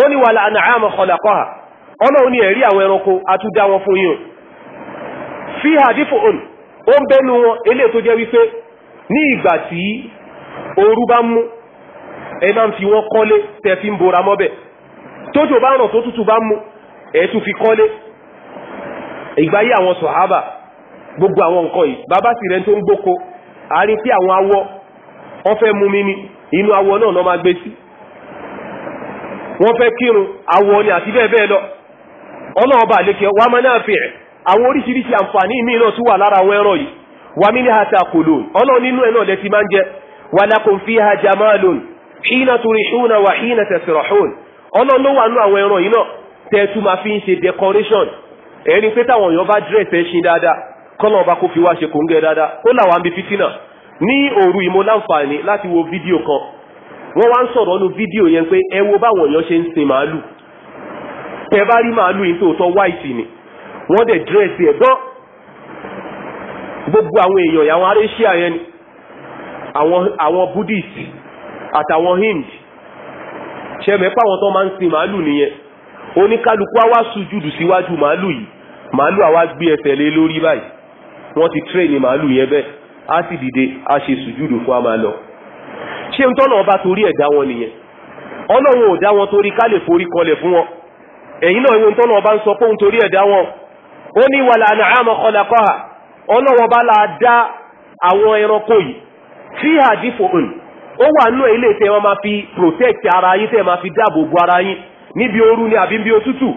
ó ní wàhálà ànàámọ̀ kọlàkọ́hà ọlọ́run ní ẹ̀rí àwọn ẹranko àtúndá wọn fún yín fi àdífò òun ó ń bẹ́nu wọn eléyìí tó jẹ́ wípé ní ìgbà tí ooru bá mú ẹ máa ń fi wọn kọ́lé tẹ fi ń bora mọ́bẹ̀ tójò bá ràn tó tútù bá mú ẹ tún fi kọ́lé ìgbà yí àwọn sọ̀hábà gbogbo àwọn nǹkan yìí bàbá sì rẹ̀ tó ń gbóko àárín pé àwọn awọ wọn fẹ́ mú mi ni inú awọ náà lọ máa gbé sí wọ́n fẹ́ kírun awọ ni àti bẹ́ẹ̀ bẹ́ẹ̀ lọ ọlọ́ọ̀bà lékè wà máa náà fẹ̀ẹ́ àwọn oríṣiríṣi àǹfààní míì náà tún wà lára àwọn ẹran yìí wà mí ní hata kòló ọlọ́ọ̀ ẹ̀ náà máa ń jẹ wà lákòó fi ha jamalun hina turihuna wà hina tẹ̀sirọ̀hún ọlọ́ọ̀ ló wà nú àwọn ẹran fi ní òru ìmọ̀ láǹfààní láti wo fídíò kan wọ́n wá ń sọ̀rọ̀ nínú fídíò yẹn pé ẹ wo báwọn èèyàn ṣe ń sin màálù tẹ bá rí màálù yìí tó tọ́ white ni wọ́n dẹ̀ dírẹ́sì ẹ̀ gan gbogbo àwọn èèyàn àwọn aráṣíà yẹn ni àwọn buddhist àtàwọn hind ṣẹ̀mẹ́pà àwọn tó máa ń sin màálù nìyẹn oníkálukú àwa sùjúdù síwájú màálù yìí màálù àwa gbé ẹsẹ̀ lé lórí báyìí wọ́n ti tírẹ̀ ní màálù yẹn bẹ́ẹ̀ á sì dìde á ṣe sùjúdù fún a máa lọ ṣe ń tọ́nà ọba torí ẹ̀ wọn nìyẹn ọlọ́run ò dá wọn torí ká lè forí kọlẹ̀ fún wọn ẹ̀yin náà ìwọ̀n tọ́nà ọba ń sọ pé òun torí ẹ̀ wọn ó ní ọlọ́run ọba là dá àwọn ẹranko yìí tí ń ó wà nínú ilé tẹ wọn fi protect ara yín tẹ máa fi dáàbò bo ara yín níbi ooru ni àbí bí òtútù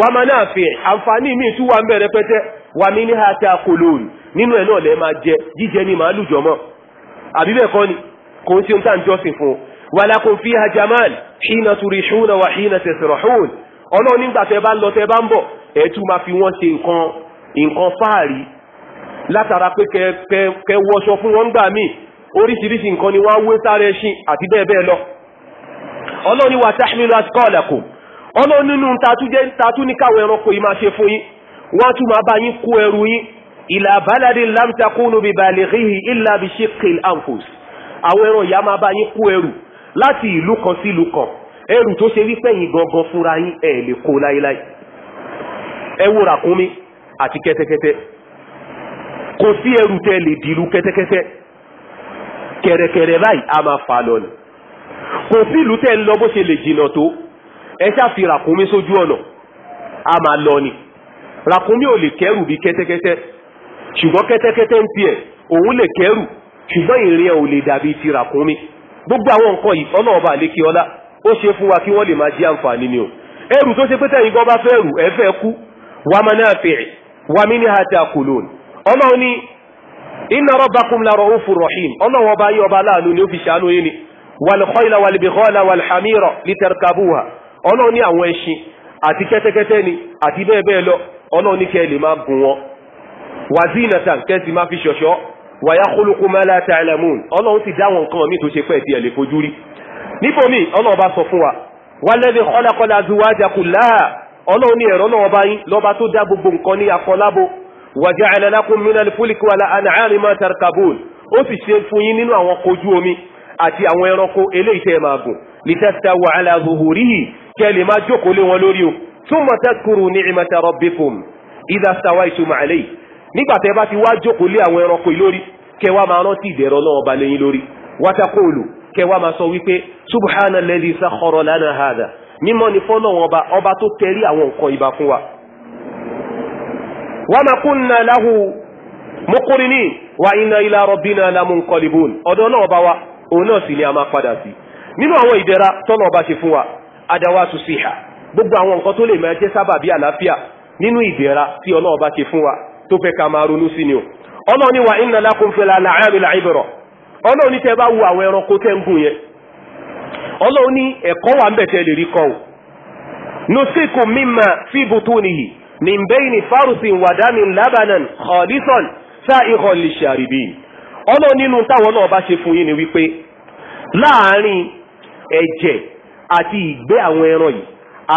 wàmánà àfẹ àǹfààní míì tún wà ń bẹ̀rẹ̀ pẹ́tẹ́ wàmí ní nínú ẹ̀ náà lẹ́ máa jẹ jíjẹ ni màálù jọmọ́ àbí bẹ́ẹ̀ kọ́ ni kò ń ṣe ohun tá à ń jọ́sìn fún un walakum fiha jamal hina turishuna wa hina tasrahun ọlọ́run nígbà tẹ bá ń lọ tẹ bá ń bọ̀ ẹ tún máa fi wọ́n ṣe nǹkan nǹkan fáàrí látara pé kẹ wọṣọ fún wọn gbà míì oríṣiríṣi nǹkan ni wọ́n á wé sáré ṣin àti bẹ́ẹ̀ bẹ́ẹ̀ lọ ọlọ́run ní wa tahmilu asqalakum ọlọ́run nínú tatú ní káwọn ẹranko yìí máa ṣe fún yín wọ́n á tún máa bá yín kó ẹrù yín ìlà baladin lam takunu bi balighihi illa bi shiqqil anfus àwọn ẹran ìyá máa bá yín kú ẹrù láti ìlú kan sí ìlú kan ẹrù tó ṣe wípé yín gangan fúnra yín ẹ lè kó láéláé ẹ wo ràkúnmí àti kẹ́tẹ́kẹ́tẹ́ kò sí ẹrù tẹ́ lè dìlú kẹ́tẹ́kẹ́tẹ́ kẹ̀rẹ̀kẹ̀rẹ̀ báyìí a máa fà lọ ni kò sí ìlú tẹ́ lọ bó ṣe lè jìnà tó ẹ ṣáà ràkúnmí sójú ọ̀nà a máa lọ ni ràkúnmí ò lè kẹ́rù bí kẹ́tẹ́kẹ́tẹ́ ṣùgbọ́n kẹ́tẹ́kẹ́tẹ́ ń tiẹ̀ òun lè kẹ́rù ṣùgbọ́n ìrìn ẹ̀ ò lè dàbí ti ràkúnmí gbogbo àwọn nǹkan yìí ọlọ́ọ̀bà àlékè ọlá ó ṣe fún wa kí wọ́n lè máa jẹ́ àǹfààní ni o ẹrù tó ṣe pé tẹ̀yìn gan bá fẹ́ rù ẹ fẹ́ kú wà máa náà fèrè wà mí ní hàtà kùlùn ọlọ́run ní inna rabbakum la raufur rahim ni ó fi ṣàánú yín ni wàlùkọ́ìlà wàlùbìkọ́ìlà wàlùhàmírọ̀ ọlọ́run ní àwọn ẹṣin wàzínàtàn kẹ́sì máa fi ṣọ̀ṣọ́ wàyà kólókó máa láta ẹlẹ́mùn ọlọ́run ti dá wọn nǹkan mi tó ṣe pẹ́ tí ẹ lè fojú rí níbòmí ọlọ́run bá sọ fún wa wálẹ́lẹ́ kọ́lákọ́lá zuwájà kù láà ọlọ́run ní ẹ̀rọ náà bá yín lọ́ba tó dá gbogbo nǹkan ní akọlábo wàjà ẹlẹ́lákùn mìíràn fúlikù àlà ànàárì máa tẹ̀rẹ̀ kàbùn ó sì ṣe fún yín nínú àwọn kojú omi àti àwọn ẹranko eléyìí tẹ́ ẹ n'igbata tẹ́ bá ti wá jókòó lé àwọn ẹranko kewa kẹ́ wá máa rántí ìdẹ̀rọ náà ọba lẹ́yìn lórí wátákóòlù kẹ́ máa sọ wípé subhana lẹ́dí sàkọrọ lánàá hàdà mímọ́ ni fọ́nà ọba ọba tó tẹrí àwọn nǹkan ìbá fún wa. wá máa kún náà láhù ní wa iná ilá rọ́bìnà náà ọba wa òun náà sì ni a máa padà sí nínú àwọn fún wa ha gbogbo àwọn nǹkan tó lè máa jẹ́ sábàbí àlàáfíà nínú fún wa tó fẹ́ ká máa ronú sí ni o ọlọ́run ní wa inna lakum fil an'ami la'ibra ọlọ́run ní tẹ́ bá wo àwọn ẹranko tẹ́ ń gùn yẹn ọlọ́run ní ẹ̀kọ́ wà ń bẹ̀ tẹ́ lè rí kọ́ o nusikum mimma fi butunihi min bayni farusin wa damin labanan khalisan sa'igan lisharibin ọlọ́run nínú táwọn náà bá ṣe fún yín ni wípé láàárín ẹ̀jẹ̀ àti ìgbẹ́ àwọn ẹran yìí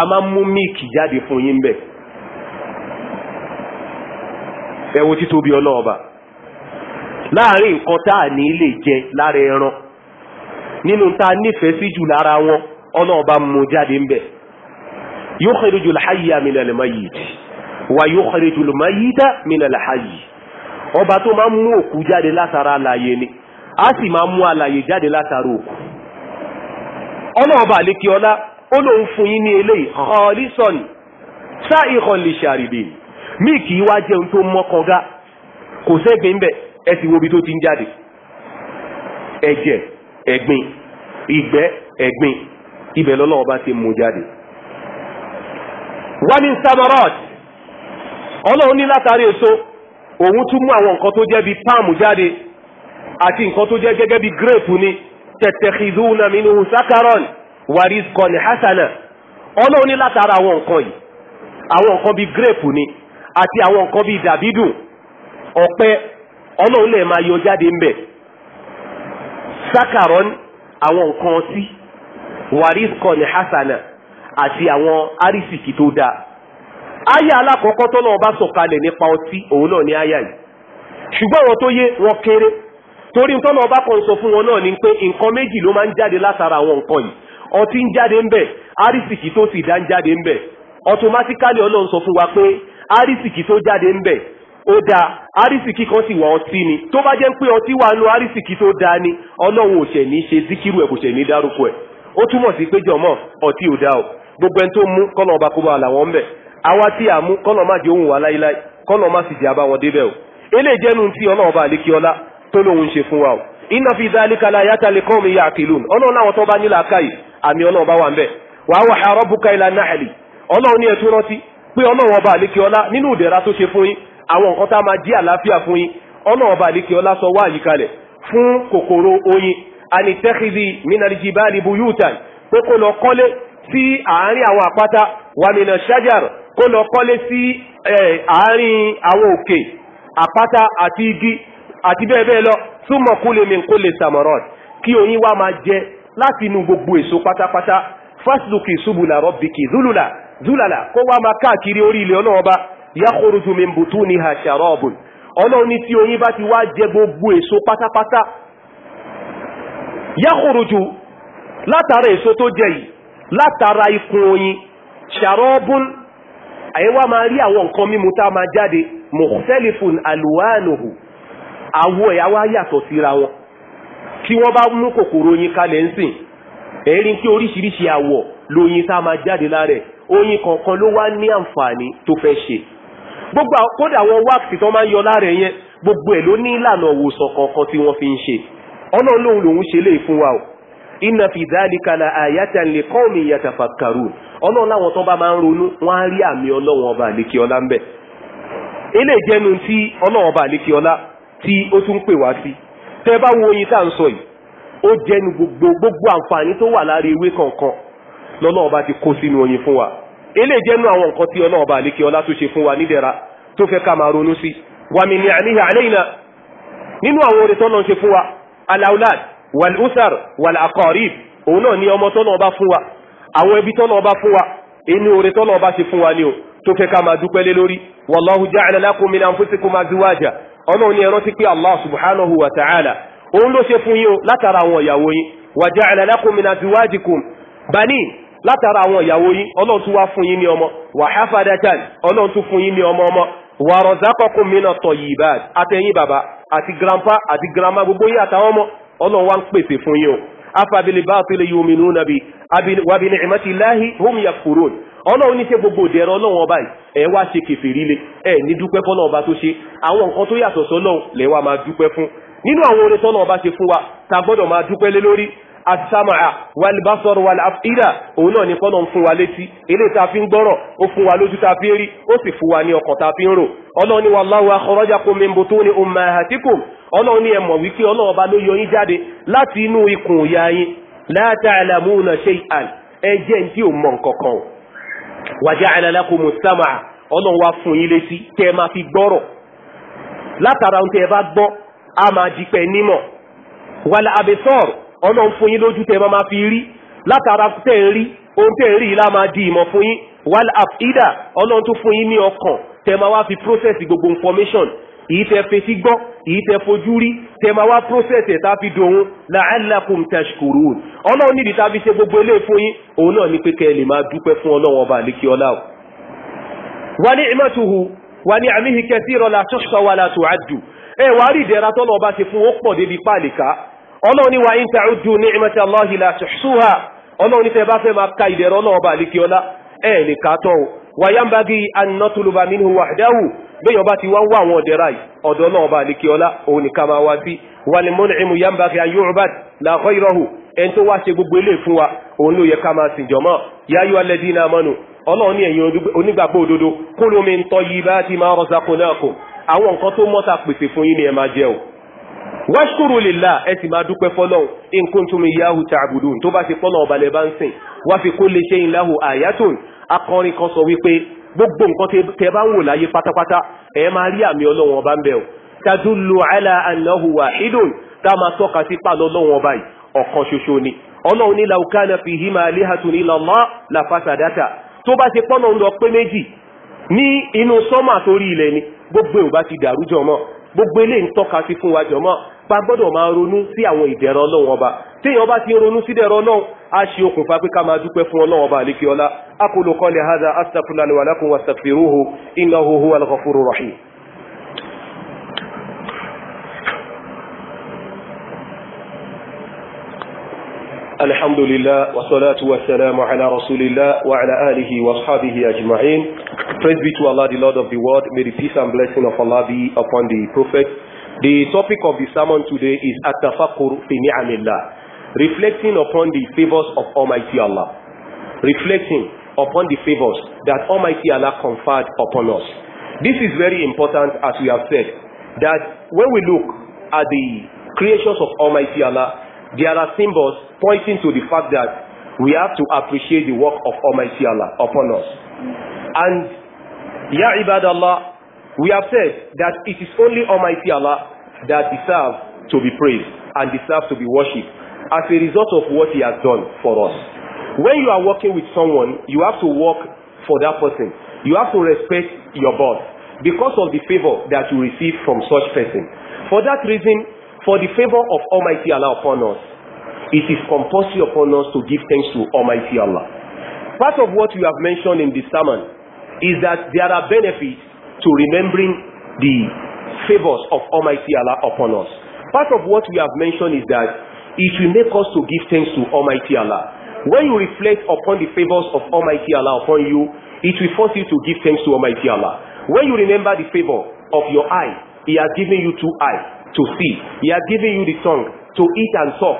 a máa mú míìkì jáde fún yín bẹ́ẹ̀ ẹ wo títóbi ọlọ́run ọba láàrin nǹkan tá à ní lè jẹ lára ẹran nínú tá a nífẹ̀ẹ́ sí jù lára wọn ọlọ́run ọba mú jáde ń bẹ̀ yukhrijul hayya minal mayyit wa yukhrijul mayyita minal hayy ọba tó máa ń mú òkú jáde látara àlàyé ni a sì máa mú àlàyé jáde látara òkú ọlọ́run ọba àlékí ó lóun fún yín ní eléyìí khalisan sa'iqan lisharibin míìkì yìí wá jẹun tó mọ́kànga kò sẹ́gbìn ń bẹ̀ ẹ sì wo ibi tó ti ń jáde ẹ̀jẹ̀ ẹ̀gbin ìgbẹ́ ẹ̀gbin ibẹ̀ lọ́lọ́wọ́ bá ti mú jáde. wọ́n ní samarot ọlọ́run ní látàrí èso òun tún mú àwọn nǹkan tó jẹ́ bíi páàmù jáde àti nǹkan tó jẹ́ gẹ́gẹ́ bíi gírèpù ni tẹ̀tẹ̀kìdúnà sakaron waris hasana ọlọ́run ní látara àwọn nǹkan yìí àwọn nǹkan bíi gírèpù ni àti àwọn nǹkan bíi dàbídù ọ̀pẹ ọlọ́run lè máa yọ jáde ńbẹ̀ sakaron àwọn nǹkan ọtí wariskoni hasana àti àwọn arísìkì tó dáa aya alákọ̀ọ́kọ́ tó náà bá sọ̀kalẹ̀ nípa ọtí òun náà ní aya yìí ṣùgbọ́n àwọn tó yé wọn kéré torí nǹkan náà bá kàn sọ fún wọn náà ni pé nǹkan méjì ló máa ń jáde látara àwọn nǹkan yìí ọtí ń jáde ńbẹ̀ arísìkì tó sì dá ń jáde ńbẹ̀ automatically ọlọ́run sọ fún wa pé árísìkì tó jáde ń bẹ̀ ó dáa árísìkì kan sì wà ọtí ni tó bá jẹ́ pé ọtí wà nù árísìkì tó dáa ni ọlọ́run ò ṣẹ̀ ní ṣe síkírù ẹ̀ kò ṣẹ̀ ní dárúkọ ẹ̀ túmọ̀ sí pé jọ̀mọ́ ọtí ò dáa o gbogbo ẹni tó mú kọ́nà ọba kó làwọn bẹ̀ àwa tí a mú kọ́nà má wà láíláí kọ́nà má sì abá wọn débẹ̀ o eléyìí jẹ́nu tí tó lóun ṣe fún wa pé ọlọ́run ọba àlékè ọlá nínú ìdẹ̀ra tó ṣe fún yín àwọn nǹkan tá a máa jí àlàáfíà fún yín ọlọ́run ọba àlékè ọlá sọ wá àyíkalẹ̀ fún kòkòrò oyin anitẹ́kìdì minariji báàlì buyutan pé kó lọ kọ́lé sí àárín àwọn àpáta wàmìnà ṣájàr kó lọ kọ́lé sí àárín àwọn òkè àpáta àti igi àti bẹ́ẹ̀ bẹ́ẹ̀ lọ súnmọ̀ kúlè mi kó lè sàmọ̀rọ̀ kí oyin wá máa jẹ láti inú gbogbo èso pátápátá fásitì kìí ṣubú làrọ̀ bìkì Zulala kó wá máa káàkiri orí ilẹ̀ ọlọ́run ọba yakhruju ni butuniha sharabun ọlọ́run ní tí oyin bá ti wá jẹ gbogbo èso pátápátá latara látara èso tó jẹ yìí látara ikùn oyin sharabun àyẹ́wà máa rí àwọn nǹkan mímu tá a máa jáde mukhtalifun alwanuhu àwọ̀ ẹ̀ àwa yàtọ̀ síra wọn tí wọ́n bá mú kòkòrò oyin kalẹ̀ ń sìn ẹ̀rín kí oríṣiríṣi àwọ̀ lóyin tá a oyin kọ̀ọ̀kan ló wá ní àǹfààní tó fẹ́ ṣe gbogbo kódà àwọn wáàkì tó máa ń yọ lára yẹn gbogbo ẹ̀ ló ní ìlànà òwòsàn kọ̀ọ̀kan tí wọ́n fi ń ṣe ọ̀nà lòun lòun ṣe lè fún wa o fi la tó bá máa ń ronú wọ́n á ọba àlékí ọlá ń bẹ̀ ilé ìjẹnu ọba àlékí ọlá tí ó tún pè wá sí tẹ oyin tá à ń sọ yìí ó jẹnu gbogbo gbogbo lọ́lọ́ọ̀ba ti kó sínú oyin fún wa eléyìí jẹ́ nú àwọn nǹkan tí ọlọ́ọ̀ba àlékè ọlá tó ṣe fún wa nídẹ̀ra tó fẹ́ ká máa ronú sí wàmí ni àníhà àléyìnà nínú àwọn oore tọ́lọ́ ń ṣe fún wa alaulad walusar walakọrib òun náà ni ọmọ tọ́lọ́ ọba fún wa àwọn ẹbí tọ́lọ́ ọba fún wa inú oore tọ́lọ́ ọba ṣe fún wa ni o tó fẹ́ ká máa dúpẹ́ lé lórí wallahu ja'ala lakum min anfusikum látara àwọn ìyàwó yín ọlọ́run tún wá fún yín ní ọmọ wà hafadatan ọlọ́run tún fún yín ní ọmọ ọmọ wà mìíràn tọ̀ yìí báyìí àtẹ̀yìn bàbá àti grandpa àti grandma gbogbo yín àtàwọn ọmọ ọlọ́run wá ń pèsè fún yín o afabili baatili yuminuna bi wabini imati lahi hum yakfurun ọlọ́run ní ṣe gbogbo ìdẹ̀rọ ọlọ́run ọba yìí ẹ wá ṣe kẹfìrí le ẹ ní dúpẹ́ fọ́nà ọba tó ṣe àwọn nǹkan tó yàtọ̀ sọ́lọ́run lẹ́wà máa dúpẹ́ fún nínú àwọn orin tọ́nà ọba ṣe fún wa ta gbọ́dọ̀ máa dúpẹ́ lé lórí asámàá wàlbásọ̀rọ̀ wàlàfíìdà òun náà ní kọ́nà ń fún wa létí eléyìí tá a fi ń gbọ́rọ̀ ó fún wa lójú tá a fi ń rí ó sì fún wa ní ọkàn tá a fi ń rò ọlọ́run ni wallahu akhrajakum min butuni ummahatikum ọlọ́run ni ẹ mọ̀ ọlọ́run ọba ló yọ yín jáde láti inú ikùn ìyá yín la ta'lamuna shay'an ẹ jẹ́ ní tí ò mọ̀ nǹkan o wa ja'ala lakumus sam'a ọlọ́run fún yín lójú tẹ́ ẹ máa fi rí látara tẹ́ ẹ rí ohun tẹ́ ẹ rí ilá máa di ìmọ̀ fún yín wàl àfídà ọlọ́run tó fún yín ní ọkàn tẹ́ máa wá fi process gbogbo information èyí tẹ́ fetí gbọ́ èyí tẹ́ fojú rí tẹ́ máa wá process ẹ̀ tá a fi dòun la'allakum tashkurun ọlọ́run nídìí tá a fi ṣe gbogbo eléyìí fún yín òun náà ní pé kẹ́ ẹ lè máa dúpẹ́ fún ọlọ́run ọba àlékí ọlá o. wa ni'matuhu wa ni'amihi kathira la tuhsa wa la tu'addu ẹ wàá rí ìdẹ̀ra tọ́lọ́ ọba ṣe fún ó pọ̀ débi páàlì ọlọ́run ní wa in ta'uddu ni'mata Allahi la tuhsuha ọlọ́run ní tẹ́ bá fẹ́ máa ka ìdẹ̀rọ ọlọ́run bá àlekí ọlá ẹ̀ lè ká tọ́ o wa yanbaghi an natluba minhu wahdahu bẹ́ẹ̀ ọba ti wá ń wá àwọn ọ̀dẹ́ra yìí ọ̀dọ̀ ọlọ́run bá àlekí ọlá òun nìkan máa wá sí wal mun'imu ṣe gbogbo eléyìí fún wa òun ló yẹ ká máa sìn jọmọ́ ya ayyuha alladhina amanu ní ẹ̀yin onígbàgbọ́ òdodo kulu min tayyibati ma razaqnakum àwọn nǹkan tó mọ́ta pèsè fún yín ni ẹ máa jẹ o washkuru lillah ẹ sì máa dúpẹ́ fọ́lọ́hun in kuntum iyyahu ta'budun tó bá ti pọ́nà ọba lẹ́bá ń sìn wa fi kulli shay'in lahu ayatun akọrin kan sọ wípé gbogbo nǹkan tẹ bá ń wò láyé pátápátá ẹ máa rí àmì ọlọ́wọ́n ọba ń bẹ̀ o tadullu ala annahu wahidun tá máa tọ́ka sí pàlọ́ ọlọ́wọ́n ọba yìí ọ̀kan ṣoṣo ni ọlọ́run ní gbogbo ẹ̀ ti dàrú jọ gbogbo eléyìí ń tọ́ka sí fún wa jọ̀mọ́ pa gbọ́dọ̀ máa ronú sí àwọn ìdẹ̀rọ ọlọ́run ọba téèyàn bá ti ronú sí ìdẹ̀rọ ọlọ́run á ṣe okùnfà pé ká máa dúpẹ́ fún ọlọ́run ọba àlékè ọlá aqulu qawli hadha astaghfirullahi wa lakum rahim. الحمد لله والصلاة والسلام على رسول الله وعلى آله وصحبه أجمعين. Praise be to Allah, the Lord of the world. May the peace and blessing of Allah be upon the Prophet. The topic of the sermon today is at في fi ni'amillah. Reflecting upon the favors of Almighty Allah. Reflecting upon the favors that Almighty Allah conferred upon us. This is very important as we have said that when we look at the creations of Almighty Allah, there are symbols pointing to the fact that we have to appreciate the work of Almighty Allah upon us. And Ya Allah, we have said that it is only Almighty Allah that deserves to be praised and deserves to be worshipped as a result of what he has done for us. When you are working with someone, you have to work for that person. You have to respect your boss because of the favor that you receive from such person. For that reason, For the favor of Almighty Allah upon us, it is compulsory upon us to give thanks to Almighty Allah. Part of what we have mentioned in the sermon is that there are benefits to remembering the favors of Almighty Allah upon us. Part of what we have mentioned is that it will make us to give thanks to Almighty Allah. When you reflect upon the favors of Almighty Allah upon you, it will force you to give thanks to Almighty Allah. When you remember the favor of your eye, He has given you two eyes to see. He has given you the tongue to eat and talk.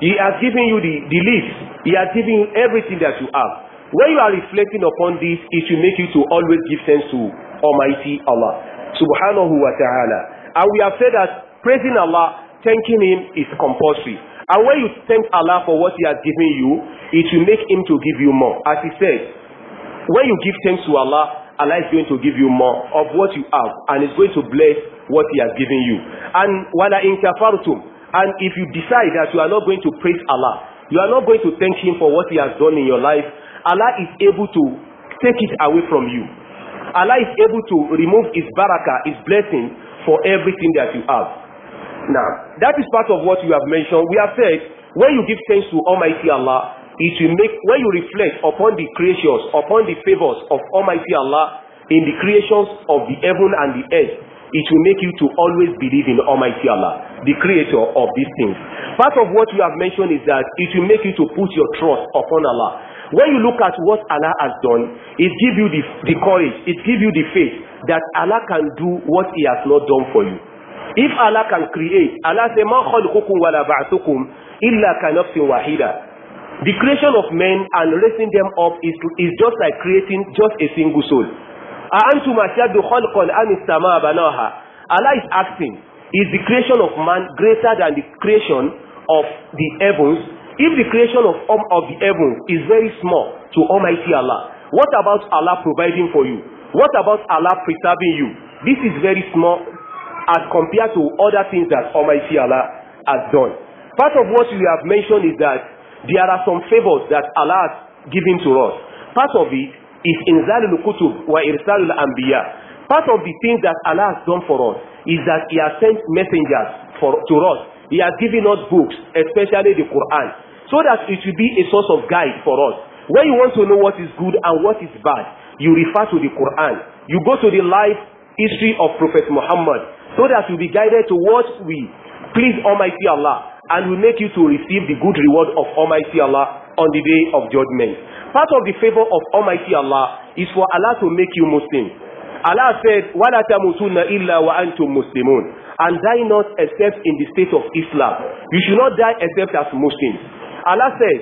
He has given you the, the leaves. He has given you everything that you have. When you are reflecting upon this, it will make you to always give thanks to Almighty Allah. Subhanahu wa ta'ala. And we have said that praising Allah, thanking Him is compulsory. And when you thank Allah for what He has given you, it will make Him to give you more. As He said, when you give thanks to Allah, Allah is going to give you more of what you have and is going to bless what he has given you. And wala in kafartum, and if you decide that you are not going to praise Allah, you are not going to thank him for what he has done in your life, Allah is able to take it away from you. Allah is able to remove his barakah, his blessing for everything that you have. Now, that is part of what you have mentioned. We have said, when you give thanks to Almighty Allah, it will make when you reflect upon the creations upon the favours of Almighty Allah in the creations of the heaven and the earth it will make you to always believe in Almighty Allah the creator of these things part of what we have mentioned is that it will make you to put your trust upon Allah when you look at what Allah has done it give you the, the courage it give you the faith that Allah can do what he has not done for you if Allah can create Allah say ma khalqukum wala ba'thukum illa ka nafsin wahida The creation of men and raising them up is, is just like creating just a single soul. أأنتم أشد خلقا أم السماء بناها Allah is asking, is the creation of man greater than the creation of the heavens? If the creation of, um, of the heavens is very small to Almighty Allah, what about Allah providing for you? What about Allah preserving you? This is very small as compared to other things that Almighty Allah has done. Part of what we have mentioned is that there are some favors that Allah has given to us. Part of it is inzalul kutub wa irsalul anbiya. Part of the things that Allah has done for us is that He has sent messengers for, to us. He has given us books, especially the Quran, so that it will be a source of guide for us. When you want to know what is good and what is bad, you refer to the Quran. You go to the life history of Prophet Muhammad so that you be guided to what we please Almighty Allah and will make you to receive the good reward of Almighty Allah on the day of judgment. Part of the favour of Almighty Allah is for Allah to make you Muslim. Allah said, وَلَا illa wa antum muslimun." And die not except in the state of Islam. You should not die except as Muslims. Allah said,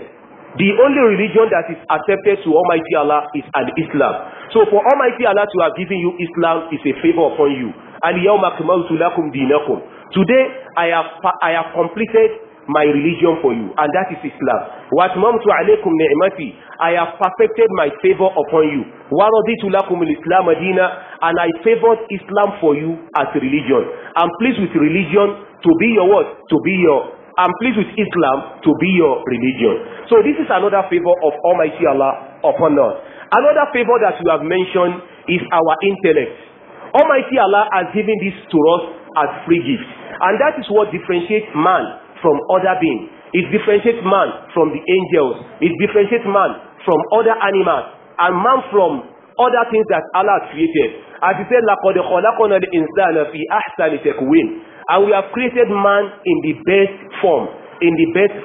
the only religion that is accepted to Almighty Allah is an islam So for Almighty Allah to have given you Islam is a favour upon you. الْيَوْمَ أَكْمَلْتُ لَكُمْ dinakum. Today, I have, I have completed my religion for you, and that is Islam. وَأَتْمَمْتُ عَلَيْكُمْ نِعْمَتِي I have perfected my favour upon you. وَرَضِيتُ لَكُمُ الْإِسْلَامَ adina? And I favoured Islam for you as religion. I'm pleased with religion to be your what? To be your I'm pleased with Islam to be your religion. So this is another favour of Almighty Allah upon us. Another favour that you have mentioned is our intellect. Almighty Allah has given this to us as free gift. And that is what differentiates man from other beings. It differentiates man from the angels. It differentiates man from other animals. And man from other things that Allah created. As he said, لَقَدْ خَلَقْنَا الْإِنسَانَ فِي أَحْسَنِ تَقْوِيمٍ And we have created man in the best form. In the best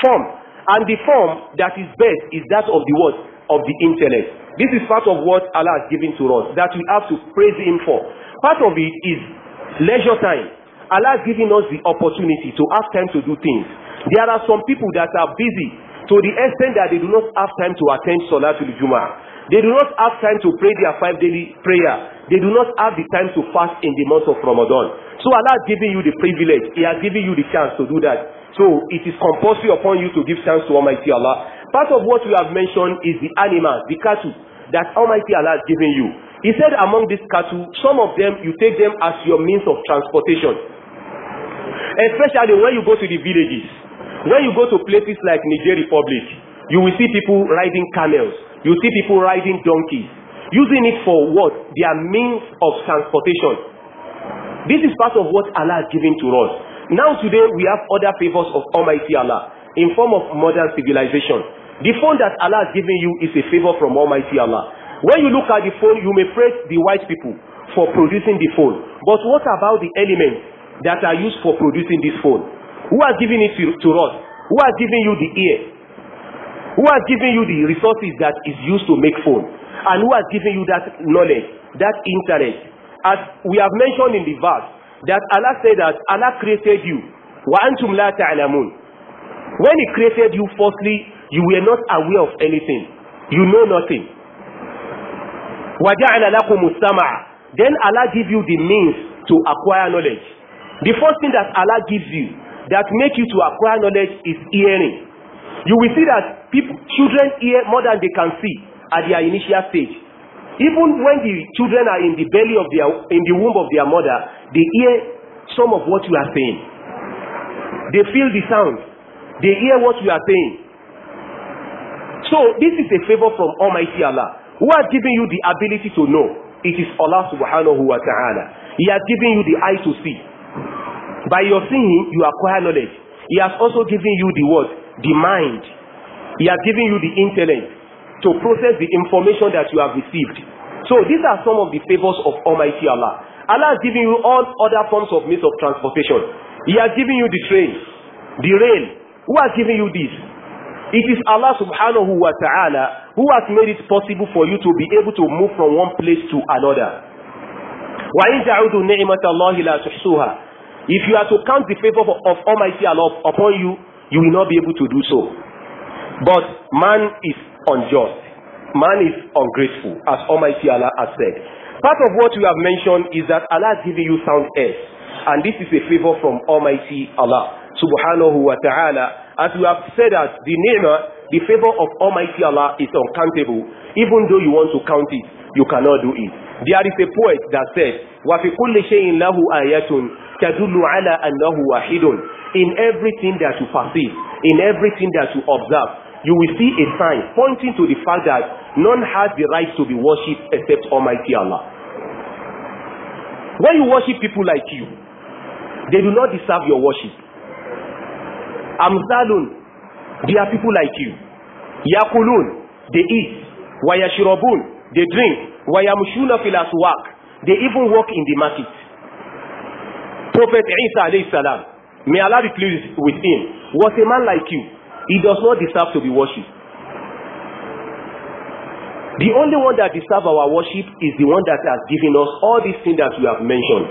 form. And the form that is best is that of the what? Of the intellect. This is part of what Allah has given to us that we have to praise Him for. Part of it is leisure time. Allah has given us the opportunity to have time to do things. There are some people that are busy to the extent that they do not have time to attend Salatul Jummah. They do not have time to pray their five daily prayer. They do not have the time to fast in the month of Ramadan. So Allah has given you the privilege. He has given you the chance to do that. So it is compulsory upon you to give thanks to Almighty Allah part of what you have mentioned is the animals, the cattle that Almighty Allah has given you. He said among these cattle, some of them you take them as your means of transportation. Especially when you go to the villages, when you go to places like Niger Republic, you will see people riding camels, you see people riding donkeys, using it for what? Their means of transportation. This is part of what Allah has given to us. Now today we have other favours of Almighty Allah in form of modern civilization The phone that Allah has given you is a favor from Almighty Allah. When you look at the phone, you may praise the white people for producing the phone. But what about the elements that are used for producing this phone? Who has given it to, to us? Who has given you the ear? Who has given you the resources that is used to make phone? And who has given you that knowledge, that internet? As we have mentioned in the verse, that Allah said that Allah created you. Wa antum la ta'lamun. When He created you, firstly, You were not aware of anything. You know nothing. وَجَعَلَ لَكُمُ السَّمْعَ Then Allah give you the means to acquire knowledge. The first thing that Allah gives you that make you to acquire knowledge is hearing. You will see that people, children hear more than they can see at their initial stage. Even when the children are in the belly of their, in the womb of their mother, they hear some of what you are saying. They feel the sound. They hear what you are saying. So this is a favor from Almighty Allah who has given you the ability to know. It is Allah subhanahu wa ta'ala. He has given you the eye to see. By your seeing, you acquire knowledge. He has also given you the what? The mind. He has given you the intellect to process the information that you have received. So these are some of the favors of Almighty Allah. Allah has given you all other forms of means of transportation. He has given you the train, the rail. Who has given you this? It is Allah subhanahu wa ta'ala who has made it possible for you to be able to move from one place to another. وَإِن تَعُدُوا نِعْمَةَ اللَّهِ لَا تُحْصُوهَا If you are to count the favor of Almighty Allah upon you, you will not be able to do so. But man is unjust. Man is ungrateful, as Almighty Allah has said. Part of what we have mentioned is that Allah has given you sound ears, and this is a favor from Almighty Allah subhanahu wa ta'ala As we have said that the ni'mah, eh, the favor of Almighty Allah is uncountable. Even though you want to count it, you cannot do it. There is a poet that said, وَفِي كُلِّ شَيْءٍ لَهُ آيَةٌ تَدُلُّ عَلَىٰ أَنَّهُ وَاحِدٌ In everything that you perceive, in everything that you observe, you will see a sign pointing to the fact that none has the right to be worshipped except Almighty Allah. When you worship people like you, they do not deserve your worship amsalun they are people like you yakulun they eat wayashirobun they drink wayamshuna filas work they even work in the market prophet isa alayhi salam may allah be pleased with him was a man like you he does not deserve to be worshipped the only one that deserves our worship is the one that has given us all these things that we have mentioned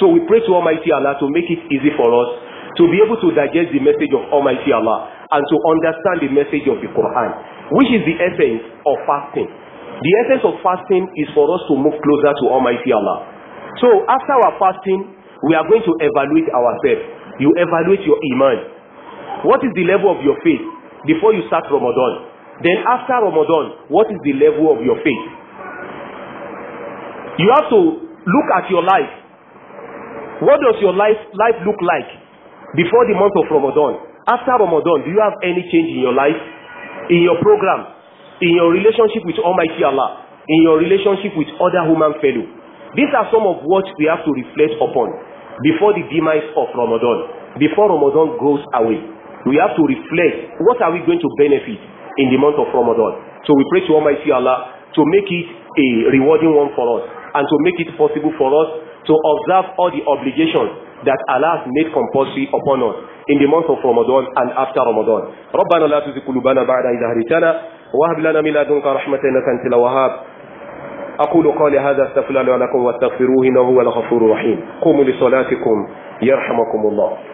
so we pray to almighty allah to make it easy for us to be able to digest the message of Almighty Allah and to understand the message of the Quran, which is the essence of fasting. The essence of fasting is for us to move closer to Almighty Allah. So after our fasting, we are going to evaluate ourselves. You evaluate your iman. What is the level of your faith before you start Ramadan? Then after Ramadan, what is the level of your faith? You have to look at your life. What does your life, life look like before the month of Ramadan, after Ramadan, do you have any change in your life, in your program, in your relationship with Almighty Allah, in your relationship with other human fellow? These are some of what we have to reflect upon before the demise of Ramadan, before Ramadan goes away. We have to reflect what are we going to benefit in the month of Ramadan. So we pray to Almighty Allah to make it a rewarding one for us and to make it possible for us to observe all the obligations that Allah has made compulsory upon us in the month of Ramadan and after Ramadan. ربنا لا تزغ قلوبنا بعد إذ هديتنا وهب لنا من لدنك رحمة إنك أنت الوهاب أقول قولي هذا استغفر الله لكم واستغفروه إنه هو الغفور الرحيم قوموا لصلاتكم يرحمكم الله